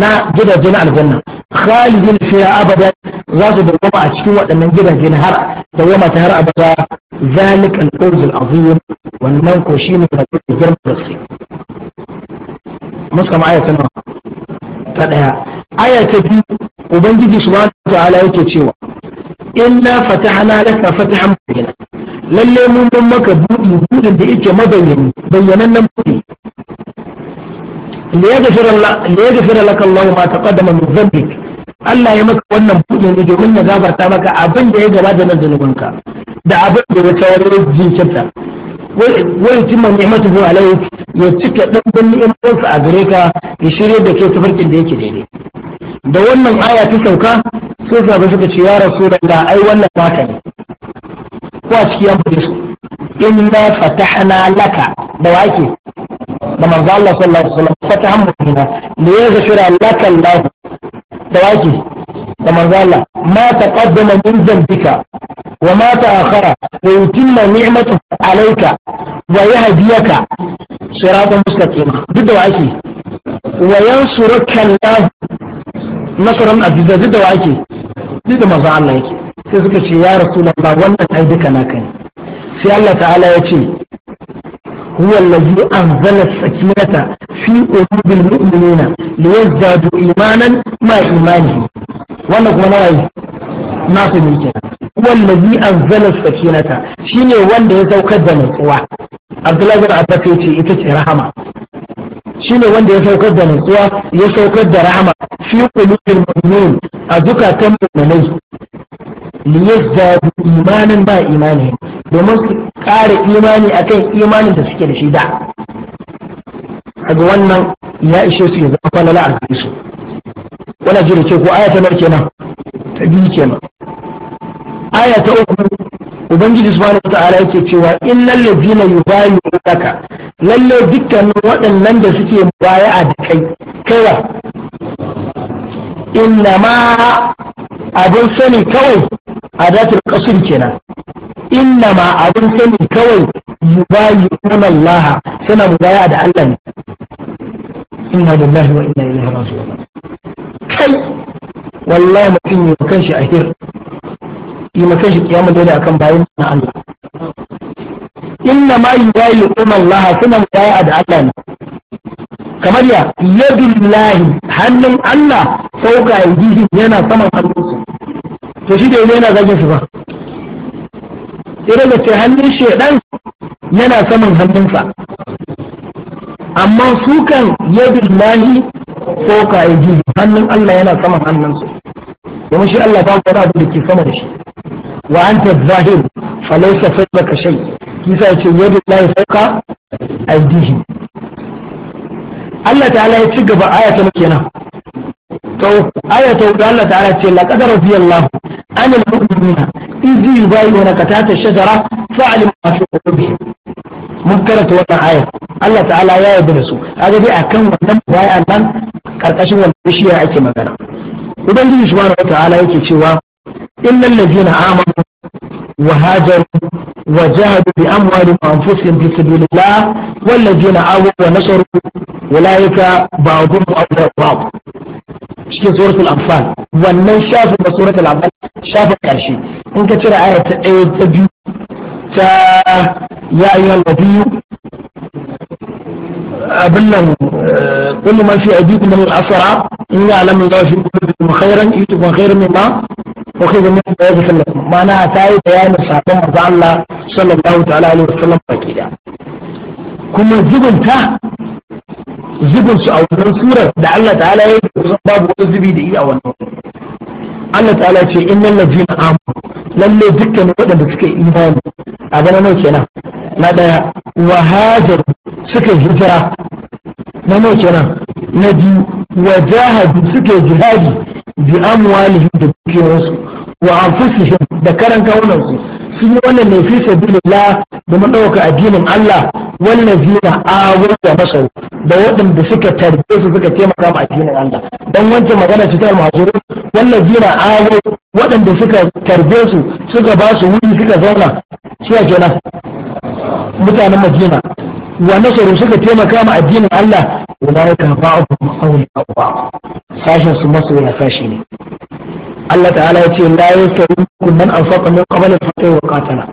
na gidaje na aljanna khalidin fiha abada za su dawama a cikin waɗannan gidaje na har dawama ta har abada ذلك الفوز العظيم wannan ko shi ne da kuke girma da su musamman aya ta ta daya aya ta biyu ubangiji subhanahu ta'ala yake cewa inna fatahna laka fatahan mubina lalle mun ban maka budi budin da ليغفر لك الله ما تقدم من ذنبك Allah ya maka wannan buɗe ne domin ya gabata maka abin da ya gabata na zunubanka da abin da wani jin jinkirta wani cimma ni'imatu hu alaihi ya cika ɗanɗan ni'imarsa a gare ka ya shirya da ke tafarkin da yake daidai da wannan aya ta sauka sai sabu suka ce ya rasulullah ai wannan haka ne ko a cikin yamma su inna fatahna laka da wake da manzo Allah sallallahu alaihi wasallam fatahan mu'mina ne ya zafira laka Allah da wake da manzo Allah ma taqaddama min dhanbika wa ma ta'akhara wa yutimma ni'matahu alayka wa yahdiyaka siratan mustaqim duk da ake wa yansuruka Allah nasran aziza duk da ake duk da manzo Allah yake sai suka ce ya rasulullah wannan ai duka naka ne sai Allah ta'ala ya ce هو الذي أنزل السكينة في قلوب المؤمنين ليزدادوا إيمانا مع إيمانهم wannan kuma nawa nasu ne ke wallazi anzala sakinata shine wanda ya saukar da nutsuwa abdullahi bin abbas ya ce ita ce rahama shine wanda ya saukar da nutsuwa ya saukar da rahama fi qulubil mu'minin a zukatan mu'minai liyazdadu imanin ba imani domin su ƙara imani akan imanin da suke da shi da kaga wannan ya ishe su ya zama kwalala a kuna ji ce ko aya ta nawa kenan ta biyu kenan aya ta uku ubangiji subhanahu ta'ala yake cewa innal ladina yubayyunaka lalle dukkanin waɗannan da suke mubaya'a da kai kaiwa inna ma abin sani kawai a datar kasur kenan inna ma abin sani kawai yubayyuna Allah suna mubaya'a da Allah ne inna lillahi wa inna ilaihi raji'un kai wallahi mutum yi kan shi ahir yi kan shi kiyama dole akan bayan na Allah inna ma yi umar laha suna a da Allah ne kamar ya yadullahi hannun Allah sauka ya jihi yana saman hannunsa to shi da yana zagin su ba irin da ce hannun shaidan yana saman hannunsa amma su kan yadullahi fawqa aydihi hannun Allah yana sama hannunsu domin shi Allah ba wani abu da ke sama da shi wa anta zahir falaysa fawqa shay kisa yace yadu Allah fawqa aydihi Allah ta'ala ya ci gaba aya muke nan. to aya ta hudu Allah ta'ala ce laqad radiyallahu anil mu'minina idh yubayyinuna katata shajara fa'alim ma fi qulubihim mun karanta wannan ayar Allah ta'ala ya yarda da su kaga dai akan wannan bayan nan karkashin wannan bishiyar ake magana ubangiji subhanahu wa ta'ala yake cewa illal ladina amanu wa hajaru wa jahadu bi amwalihim wa anfusihim fi sabilillah wal ladina awaw wa nasaru ulaika ba'dhum awliya ba'd cikin suratul anfal wannan shafin da suratul anfal shafin karshe in ka cire ayar ta ɗaya ta biyu ta يا أيها النبي أبلغ كل ما في أيديكم من الأسرى إن يعلم الله في قلوبكم خيرا يؤتكم خيرا مما وخير منكم ويغفر لكم معناها تاي بيان الصحابة رضي الله صلى الله تعالى عليه وسلم أكيدا كما زبن تا زبن سؤال سورة دع الله تعالى يقول باب وزبي دي أول Allah ta'ala ce innal ladzina amanu lalle dukkan waɗanda suka yi imani a bana nawa kenan na ɗaya wa hajar suka hijira na nau kenan na biyu wa jahadu suka jihadi bi amwalihim da dukiyarsu wa anfusihim da karan kaunansu sun yi wannan ne fi sabilillah da madauka addinin Allah Wannan zina a da masau da waɗanda suka tarbe su suka taimaka ma addinin Allah dan wancan magana ce ta wannan zina wallazina waɗanda suka tarbe su suka ba su wuri suka zauna shi kenan mutanen madina wa nasaru suka taimaka ma addinin Allah ulaika ba'dhum awliya aqwa sashin su ya sashi ne Allah ta'ala ya ce la yasaru kun man anfaqa min qabla fatay wa qatala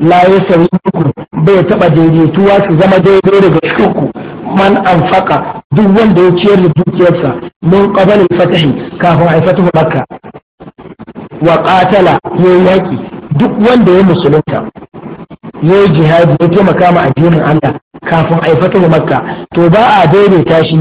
la yasaru kun bai taba Wa su zama daidai daga shukku man anfaqa duk wanda ya ciyar da dukiyarsa min qabla fatahi fath kafin a fatu makka wa qatala yayi yaki duk wanda ya musulunta ya yi jihadi ya taimaka ma addinin Allah kafin a yi fatawa makka to ba a daidaita shi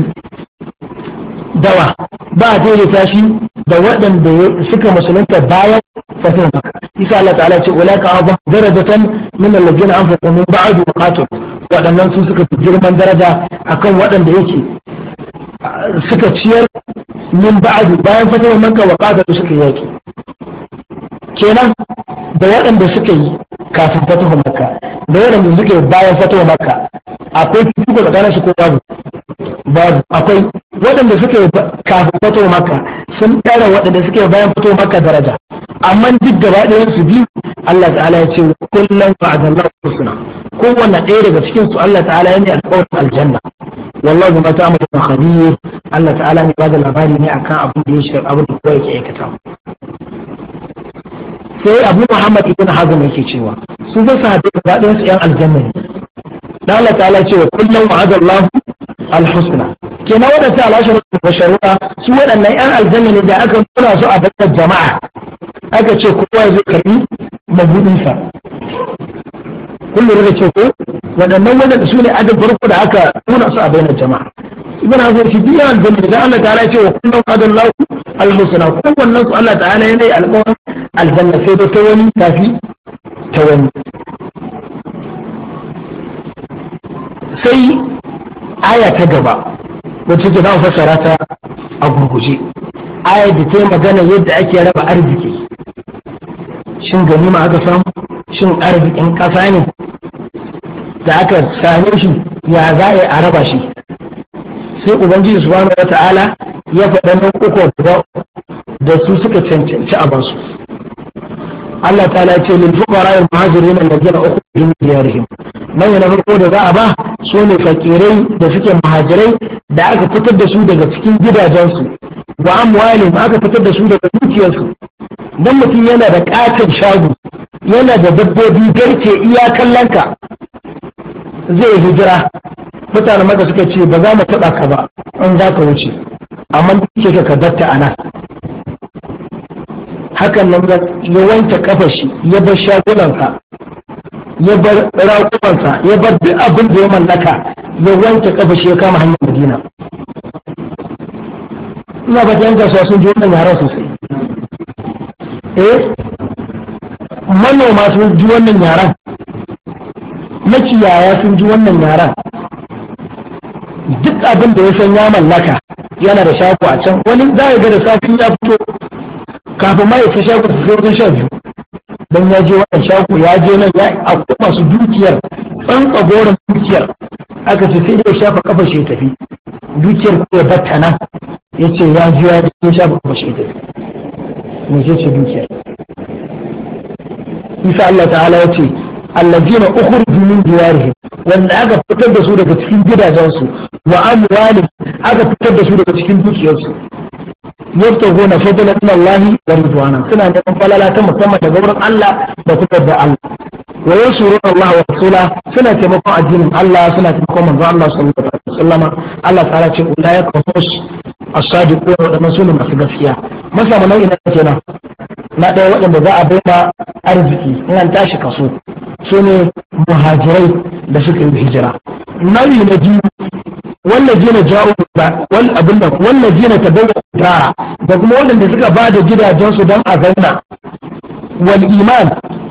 dawa ba a daidaita shi da waɗanda suka musulunta bayan fatawa makka isa Allah ta'ala ce wala ka abu darajatan min alladhina anfaqu min ba'du wa qatil waɗannan su suka fi girman daraja akan waɗanda yake suka ciyar min ba'du bayan fatawa makka wa qatil suka yaki kenan da waɗanda suka yi kafin fatuhu makka da waɗanda suka yi bayan fatuhu makka akwai fituko tsakanin su ko babu babu akwai waɗanda suka yi kafin fatuhu makka sun ɗara waɗanda suka yi bayan fatuhu makka daraja amma duk gaba ɗayan su biyu Allah ta'ala ya ce kullum ba'adallahu husna kowanne ɗaya daga cikin su Allah ta'ala ya ne alƙawarin aljanna wallahi ma ta'amu da khabir Allah ta'ala ne ba da labari ne akan abin da ya shi abin da kowa yake aikata sai abu muhammad ibn hazm yake cewa su fa sahabbai gaba ɗayan su yan aljanna ne dan Allah ta'ala cewa kullum wa'adallahu alhusna kenan waɗanda da basharura su waɗannan yan aljanna ne da aka nuna su a bakar jama'a aka ce kowa zai karbi sa. kullum da ce ko waɗannan waɗanda su ne adin farko da aka nuna su a bainar jama'a ibn hazar shi biya aljanna da Allah ta'ala ce wa kullum adin lahu al-husna kowannen su Allah ta'ala ya yi alƙawarin aljanna sai da ta wani tafi ta wani sai aya ta gaba wacce ke zama fassara ta a gurguje aya da ta magana yadda ake raba arziki shin ganima aka samu shin arzikin ƙasa ne da aka same shi ya za a a raba shi sai ubangiji subhanahu wa ta'ala ya faɗa nan uku da su suka cancanci a basu Allah ta'ala ce lil fuqara al muhajirin alladhina ukhriju min diyarihim nan yana farko da za a ba su ne fakirai da suke muhajirai da aka fitar da su daga cikin gidajensu wa amwalihim aka fitar da su daga dukiyarsu dan mutum yana da katin shago yana da dabbobi garke iya kallonka zai hijira mutanen maka suka ce ba za mu taɓa ka ba in za ka wuce amma ke ka datta a nan hakan nan ya wanke kafashi ya bar ka ya bar raƙumansa ya bar duk abin da ya mallaka ya wanke kafashi ya kama hanyar madina ina ba ta yanka sun ji wannan yaran sosai eh manoma sun ji wannan yaran makiyaya sun ji wannan yaran duk abin da ya san ya mallaka yana da shago a can wani za a ga da safin ya fito kafin ma ya fi shago su sai shan biyu don ya je wannan shago ya je nan ya akwai masu dukiyar tsantsa goron dukiyar aka ce sai ya shafa kafa shi tafi dukiyar ko ya batta nan ya ce ya je ya shafa kafa shi tafi mu ce dukiyar isa Allah ta'ala ya ce allazina ukhrijuu min diyarihim wanda aka fitar da su daga cikin gidajensu wa amwalihim aka fitar da su daga cikin dukiyarsu yabtaghuna fadlan min Allah wa ridwana suna neman falala ta musamman daga wurin Allah da kuma da Allah wa yansurun Allah wa rasula suna taimakon addinin Allah suna taimakon manzo Allah sallallahu alaihi wasallama Allah ta'ala ce ulai ka hus as-sadiqun wa masulun masu gaskiya masa mana ina kenan na ɗaya waɗanda za a bai ma arziki in an tashi kaso su ne muhajirai da suka yi hijira nauyi na biyu wallazina ja'u wal abinda wallazina tabawwa dara da kuma waɗanda suka ba da gidajensu don a zauna wal iman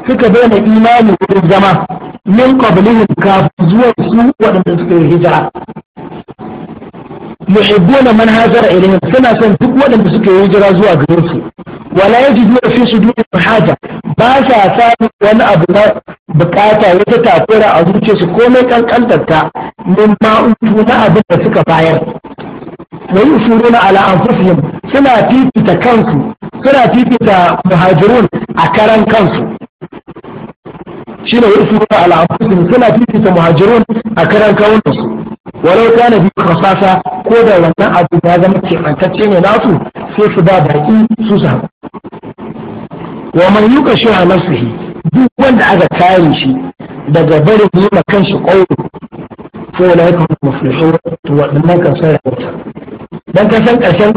suka bayyana imani wurin zama min qablihim kafin zuwa su waɗanda suka yi hijira yuhibbuna man hajara ilayhim suna son duk waɗanda suka yi hijira zuwa gare su wala yajidu fi sudurihim haja ba sa samun wani abu na bukata wata takura a zuciyarsu komai kankantar ta min ma'utu na abin da suka bayar wa yusiruna ala suna fifita kansu a karan kansu shine yusiruna ala anfusihim suna kana bi ko da wannan abu ya zama kebantacce ne nasu sai su ba baki su wa man yuka a nafsihi duk wanda aka kayan shi daga barin yi ma kanshi ƙwayo ko la yakum muflihun to waɗannan kan sai rahota dan ka san ƙarshen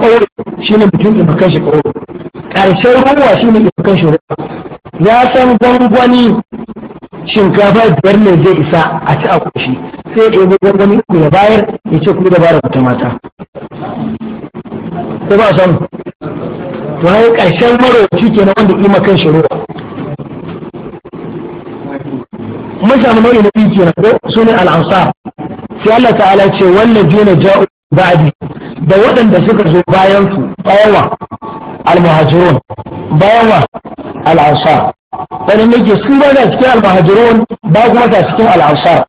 shi shine mutum ya kanshi ƙwayo ƙarshen ruwa shine ya kanshi ruwa ya san gwangwani shinkafa biyar ne zai isa a ci a kushi sai ya ɗebo gwangwani ku ya bayar ya ce kuma da bara mata ko ba san to ai ƙarshen marauci na wanda ima kan shi ruwa mun samu nau'i na biyu kenan ko al'ansar sai Allah ta'ala ce wannan jina ja'u ba'di da waɗanda suka zo bayan su bayawa al-muhajirun bayawa al-ansar wani nake su ba da cikin al-muhajirun ba kuma da cikin al-ansar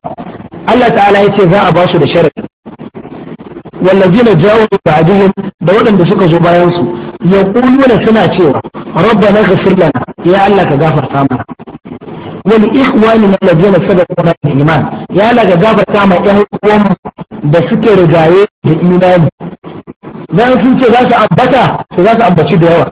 Allah ta'ala ya ce za a ba su da sharadi wallazina jawo ba'dihim da waɗanda suka zo bayan su yaquluna suna cewa rabbana ighfir lana ya Allah ka gafarta mana wal ikhwani allazina sabaquna bil iman ya Allah ma uwan da rigaye da imani dan sun ce za su ambata su za su ambaci da yawa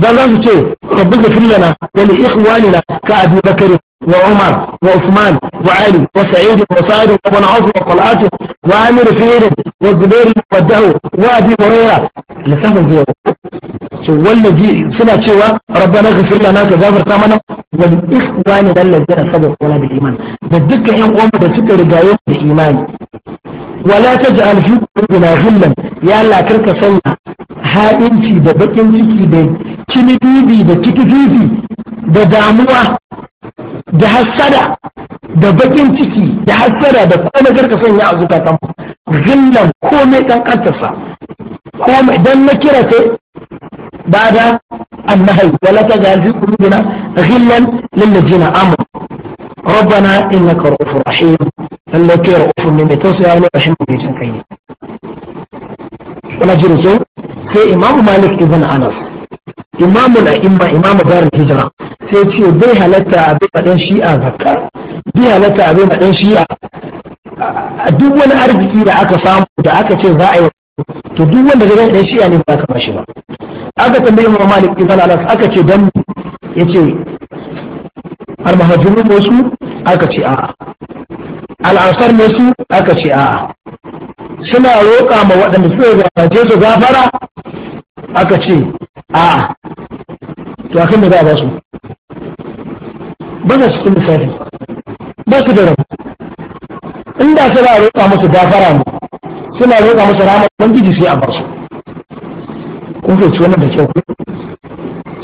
dan za su ce buga ighfir na wani li na ka abi bakr وعمر وعثمان وعلي وسعيد وسعد وابن عوف وطلعته وامر فيل والزبير وده وابي هريره لسان زيادة والذي سنة شوى ربنا اغفر لنا تغفر ثمنا والاخوان الذين سبقونا بالايمان بدك يوم قوم بدك رجايهم بالايمان ولا تجعل في قلوبنا غلا يا الله كرك سنة ha'inci da bakin ciki da cinibibi da cikififi da damuwa da hassada da bakin ciki da hassada da komai karka sanya a zukatan zillan komai kankantarsa komai dan na kira ta بعد النهي ولا تجعل في قلوبنا غلا للذين امنوا ربنا انك رؤوف رحيم انك رؤوف من توسع رحمه بجنكين ولا جرسو في امام مالك ابن انس امام الائمه امام دار الهجره sai ce bai halatta a bai maɗan shi'a zakka bai halatta a bai maɗan shi'a a duk wani arziki da aka samu da aka ce za a yi to duk wanda zai ɗan shi'a ne ba ka bashi ba aka tambayi mu malik ibn anas aka ce dan yace al-muhajirun ne su aka ce a'a al-ansar ne su aka ce a'a suna roƙa ma waɗanda suka gaje su gafara aka ce a'a to akan da za a ba su ba za su ci misali ba su da rabu inda suna roƙa musu gafara ne suna roƙa musu rahama ubangiji sai a bar su kun fahimci wannan da kyau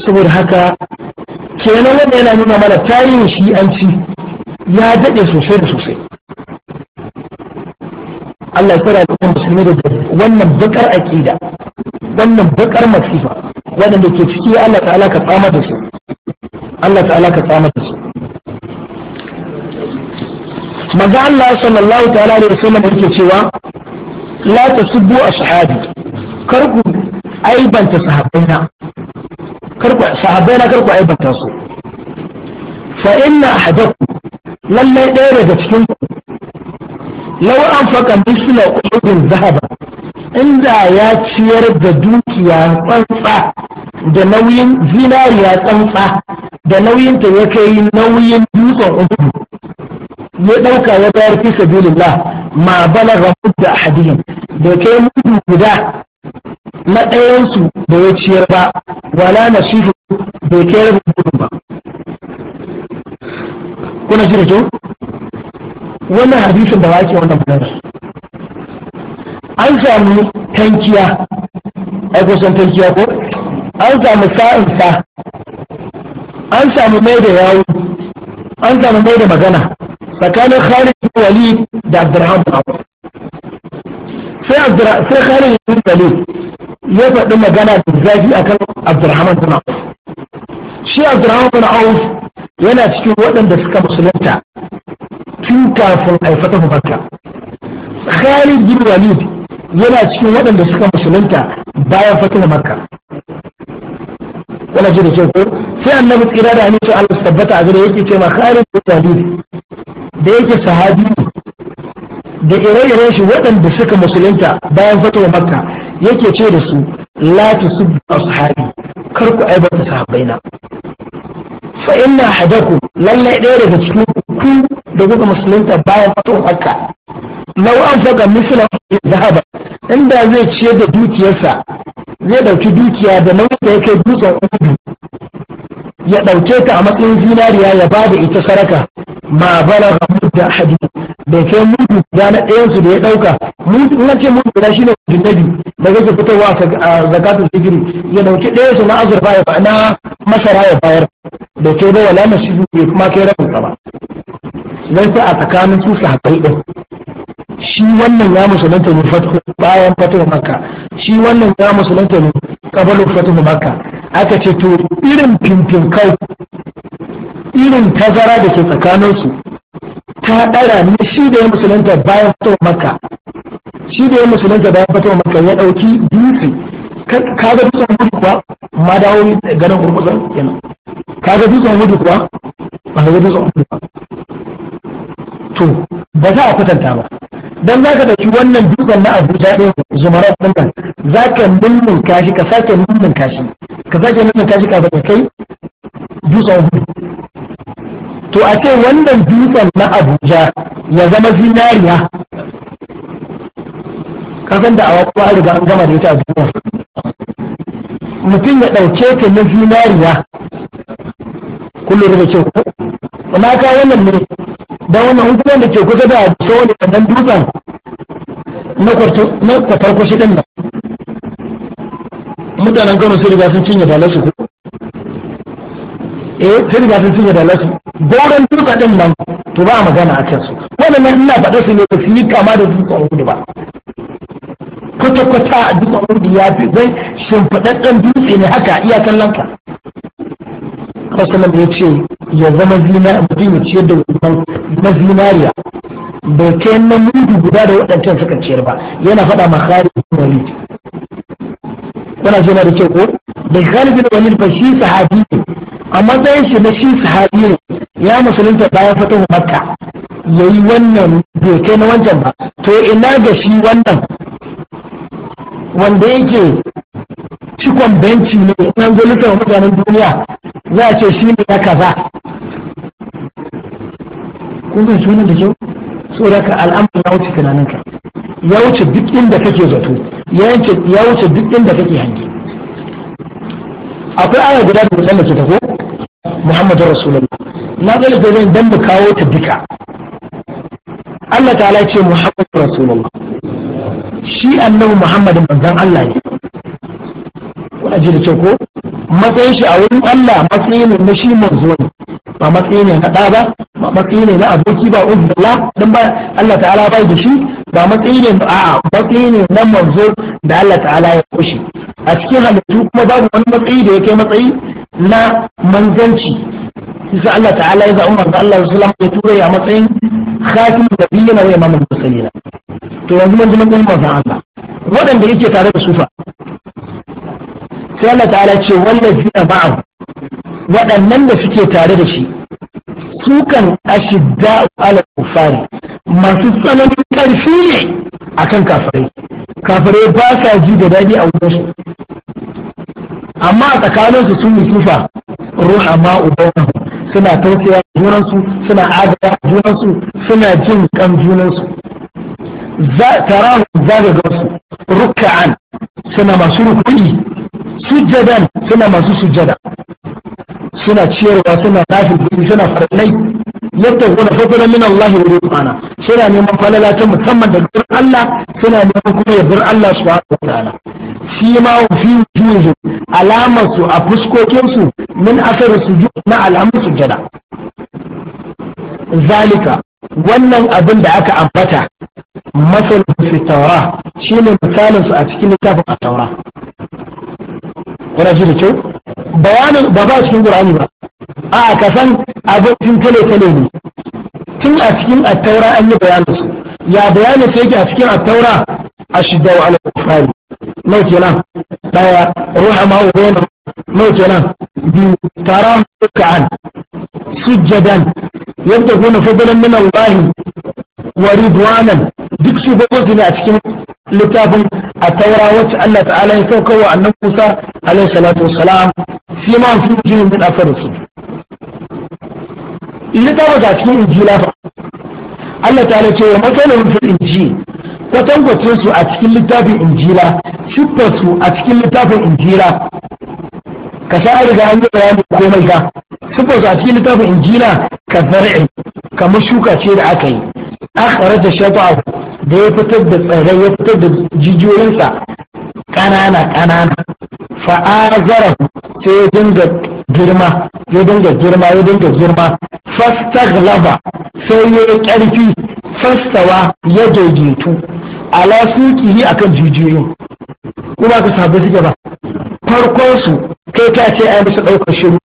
saboda haka kenan wanda yana nuna mana tayin shi an ci ya daɗe sosai da sosai Allah ya fara da musulmi da wannan bakar aƙida wannan bakar masifa waɗanda ke ciki Allah ta'ala ka tsama da su Allah ta'ala ka tsama da su maza Allah sallallahu ta'ala alaihi wasallam yake cewa la tasubbu a kar Karku aibanta sahabaina, karku ku sahabbaina aibanta su fa inna ahadakum lallai ɗaya daga cikin ku law anfaqa misla uhudin zahaba inda ya ciyar da dukiya tsantsa da nauyin zinariya tsantsa da nauyin ta ya kai nauyin dutsen uhudu ya dauka ya bayar fi sabilillah ma balagha mudda ahadihim bai kai mudu guda na ɗayansu da ya ciyar ba wala na shi bai kai rabu gudun ba kuna shi da kyau wannan hadisin da wake wannan fadar an samu tankiya a kusan tankiya ko an samu sa'insa an samu mai da yawo an samu mai da magana tsakanin Khalid bin Walid da Abdurrahman bin Auf sai sai Khalid bin Walid ya faɗi magana da zafi akan Abdurrahman bin Auf shi Abdurrahman bin Auf yana cikin waɗanda suka musulunta tun kafin aifata Makka Khalid bin Walid yana cikin waɗanda suka musulunta bayan fatan Makka Wani ji da ce ko sai annabi tsira da sai Allah tabbata a gare yake ce ma Khalid bin Walid da yake sahabi da ire-iren shi waɗanda suka musulunta bayan fatuwa makka yake ce da su la tusubbu sahabi, kar ku aibata sahabbaina fa inna hadaku lallai ɗaya daga cikin ku da kuka musulunta bayan fatuwa makka lau an faga mislan zahaba inda zai ciyar da dukiyarsa zai ɗauki dukiya da nauyin da ya kai dutsen uhudu ya ɗauke ta a matsayin zinariya ya ba da ita saraka ma balaga mudda hadi bai kai mudu guda na ɗayan su da ya ɗauka mudu na ce mudu shi shine mudu na biyu da kake fitowa a zakatu sigiri ya dauki ɗayan su na azurfa ya na masara ya bayar da. kai ba wala nasibu ya kuma kai rabin ba Zai sai a tsakanin su sahabbai ɗin. shi wannan ya musulunta ne fatu bayan fatu makka shi wannan ya musulunta ne kabalu fatu makka aka ce to irin fintinkau irin tazara da ke tsakaninsu ta ɗara ne shi da ya musulunta bayan fito maka shi da ya musulunta bayan fito maka ya ɗauki dutse ka ga dutsen hudu kuwa ma dawo ganin gurgusar kenan ka ga dutsen hudu kuwa ba ga dutsen hudu ba to ba za a kwatanta ba dan ka tafi wannan dutsen na Abuja ɗin zumara din za ka mulmun kashi ka sake mulmun kashi ka sake mulmun kashi ka baka kai dutsen hudu to a ce wannan dutsen na abuja ya zama zinariya kasan da awa kuma riga an gama da ita a mutum ya ɗauke ta na zinariya kullum da ke ku na ka wannan ne da wannan hukumar da ke kusa da abuja wani kadan dutsen na kwatar kwashi ɗin nan mutanen kano sun riga sun cinye dalar su eh sun riga sun cinye dalarsu goron duka din nan to ba magana a kansu nan ina faɗa su ne ba su yi kama da dutsen hudu ba kwata-kwata dutsen hudu ya fi zai shimfiɗaɗɗen dutse ne haka iya kallon ka ya ce ya zama zinariya mutum ya ciyar da wannan na zinariya bai kai na mudu guda da waɗancan suka ciyar ba yana faɗa ma khalid bin walid kuna jina da ke ko bai khalid bin walid ba shi sahabi ne a matsayin shi na shi sahabi ya musulunta bayan fatan makka yayi wannan bai kai na wancan ba to ina ga shi wannan wanda yake cikon benci ne an zo lissafa mutanen duniya za a ce shi ne ya kaza kun zai ne da kyau saboda ka ya wuce tunaninka ya wuce duk inda kake zato ya wuce duk inda kake hange akwai aya guda da musamman ke tafiya Muhammadu Rasulullah na ga littafin dan mu kawo ta duka Allah ta'ala ce Muhammadu Rasulullah shi annabi Muhammadin manzon Allah ne kuna ji da ce ko matsayin shi a wurin Allah matsayi ne na shi manzo ne ba matsayi ne na ba matsayi ne na aboki ba ba Allah ta'ala bai da shi ba matsayi ne a'a matsayi ne na manzo da Allah ta'ala ya koshi, a cikin halittu kuma babu wani matsayi da ya kai matsayi na manzanci sai Allah ta'ala ya zaɓi manzo Allah sallallahu ya tura ya matsayin khatimin nabiyina wa imamul mursalin to yanzu mun ji mun manzo Allah waɗanda yake tare da sufa sai Allah ta'ala ce wallazina ba'u waɗannan da suke tare da shi sukan ashidda ala kufari masu tsananin ƙarfi ne akan kafirai kafirai ba sa ji da daɗi a wurin su amma a tsakaninsu sun yi sufa ruha ma'u bainahu suna tausaya junansu suna adana junansu suna jin kan junansu tarahu zagagarsu ruka'an suna masu rukuni sujjadan suna masu sujjada suna ciyarwa suna nafin kuɗi suna farnai yadda kuma fakulan min Allah wa rufana suna neman falala ta musamman da gurin Allah suna neman kuma yardar Allah subhanahu wa ta'ala shi ma fi juzu alamar a fuskokinsu su min su ju na al'amarsu jada zalika wannan abin da aka ambata masal su taura shine misalin su a cikin littafin a taura kuna ji da kyau bayanin ba ba cikin qur'ani ba a ka san abokin kale kale ne tun a cikin attaura an yi bayanin su ya bayanin sai yake a cikin attaura ashidda wa al kufari nau kenan daya ruha ma wa bayna nau kenan biyu tara ruk'an sujjadan yabtaguna fadlan min Allah wa ridwanan duk su ne a cikin littafin a taura wacce Allah ta'ala ya saukar wa annabi Musa alaihi salatu wassalam fi ma fi jinin min afarsu littafin da cikin injila fa Allah ta'ala ce wa makalin fil inji kwatankwacin su a cikin littafin injila siffar su a cikin littafin injila ka sa riga an yi bayani komai ka siffar su a cikin littafin injila ka zar'i kamar shuka ce da aka yi akhraja shata'a da ya fitar da tsirrai ya fitar da jijiyoyinsa ƙanana ƙanana fa'azara sai ya dinga girma ya dinga girma ya dinga girma sai ya yi ƙarfi fastawa ya daidaitu ala yi akan jijiyoyin kuma ka sabu suke ba farkon su kai ta ce ai musu ɗaukar shiru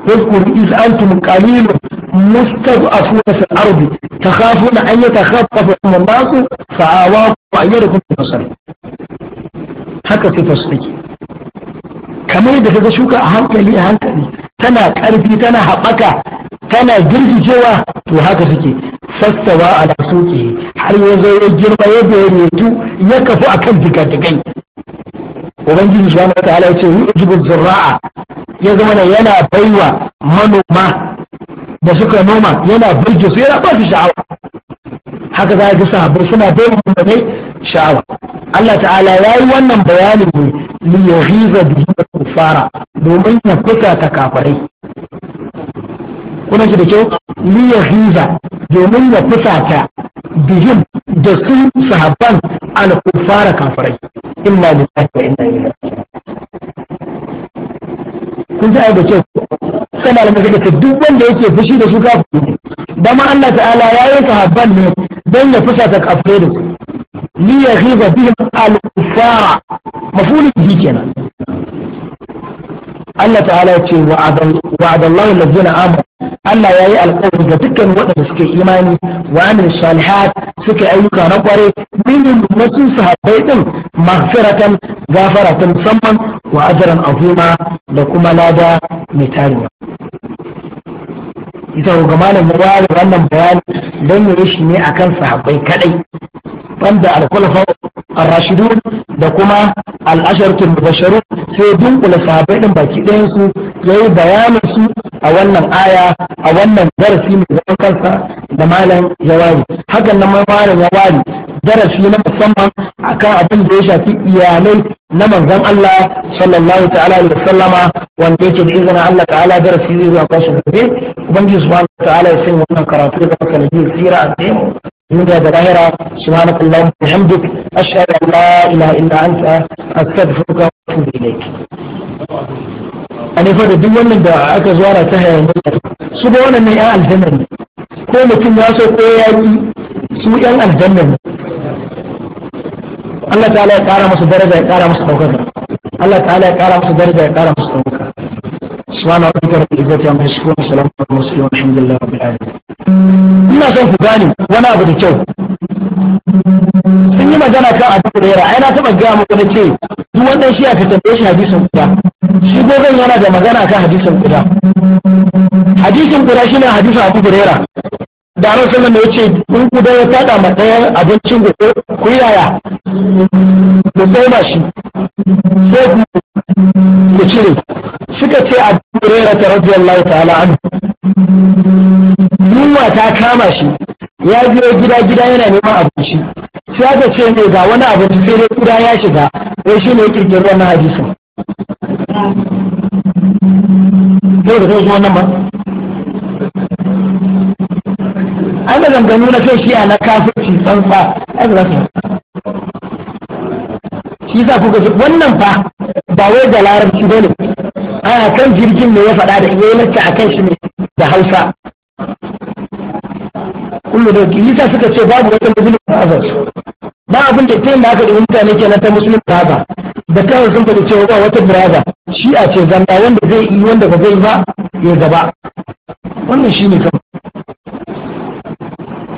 واذكر is أنتم قليل مستضعفون في الأرض تخافون أن يتخطفكم الناس فآواكم وأيدكم بنصره haka sai fasu kamar da kaga shuka a hankali a hankali tana ƙarfi tana haɓaka tana girgijewa to haka suke sassawa a da soke har ya zo ya girma ya bayyanatu ya kafu akan digadigai ubangiji subhanahu wa ta'ala ya ce yu'jibu zurra'a ya zama yana baiwa manoma da suka noma yana burge su yana ba su sha'awa haka za a ga sahabbai suna bai mummunai sha'awa Allah ta'ala ya yi wannan bayani ne li yuhiza bihi kufara domin ya fita ta kafarai kuna shi da kyau li yuhiza domin ya fita ta bihim da su sahabban al kufara kafarai illa lillahi wa inna ilaihi kun ji da kyau sai da suka ce duk wanda yake fushi da su kafiri dama Allah ta'ala ya yi sahabban ne don ya fusa ta kafirai da su li ya ghiba bihim mafulin kenan Allah ta'ala ya ce wa'ada Allah allazina amanu Allah ya yi alƙawari ga dukkan waɗanda suke imani wa amil salihat suke ayyuka na kware minhum wasu sahabbai din maghfiratan gafaratan musamman wa ajran azima da kuma lada mai tarewa ita ga malam ya ware wannan bayani don ya shi ne akan sahabbai kadai banda al-khulafa ar-rashidun da kuma al-asharatu mubashshirun sai dunkula sahabbai din baki ɗayan su yayi bayanin su a wannan aya a wannan darasi mai zaman kansa da malam ya ware hakan nan malam ya ware darasi na musamman akan abin da ya shafi iyalai na manzon Allah sallallahu ta'ala alaihi wasallama wanda yake da izinin Allah ta'ala darasi zai zuwa kansu gobe ubangiji subhanahu ta'ala ya sanya wannan karatu da muka nabi tsira a cikin duniya da lahira subhanahu wa bihamdik ashhadu an la ilaha illa anta astaghfiruka wa atubu ilayk a nufa da duk wannan da aka zuwa ta hayaniya su da wannan ne ya aljanna ko mutum ya so ko ya yi su yan aljanna Allah ta'ala ya kara musu daraja ya kara musu daukaka Allah ta'ala ya kara musu daraja ya kara musu daukaka subhana rabbika rabbil izzati amma yasifun wa salamun alal mursalin walhamdulillahi rabbil alamin ina son ku gani wani abu da kyau sun yi magana kan abu da yara ai na taba gaya muku na ce duk wannan shi aka da shi hadisin kuda shi gogon yana da magana kan hadisin kuda hadisin kuda shine hadisin abu hurairah da ran sallan ya ce kun guda ya tada ma ɗaya abincin gobe ku yaya ku tsoma shi sai ku cire suka ce a turera ta rabbi Allah ta'ala an yunwa ta kama shi ya biyo gida gida yana neman abinci sai aka ce mai ga wani abinci sai dai kuda ya shiga sai shi ne kirkirar wannan hadisin. da ba? ai zangani na kai shi a na kafirci tsantsa a ba su shi sa kuka ji wannan fa ba wai da larabci ba ne. a kan jirgin ne ya faɗa da iya lacca a kan shi ne da hausa kullu da kilisa suka ce babu wata musulun brothers ba abin da ta da aka da mutane kenan ta musulun brother da kawai sun faɗi cewa ba wata biraza. shi a ce zamba wanda zai yi wanda ba zai ba ya gaba wannan shi ne kawai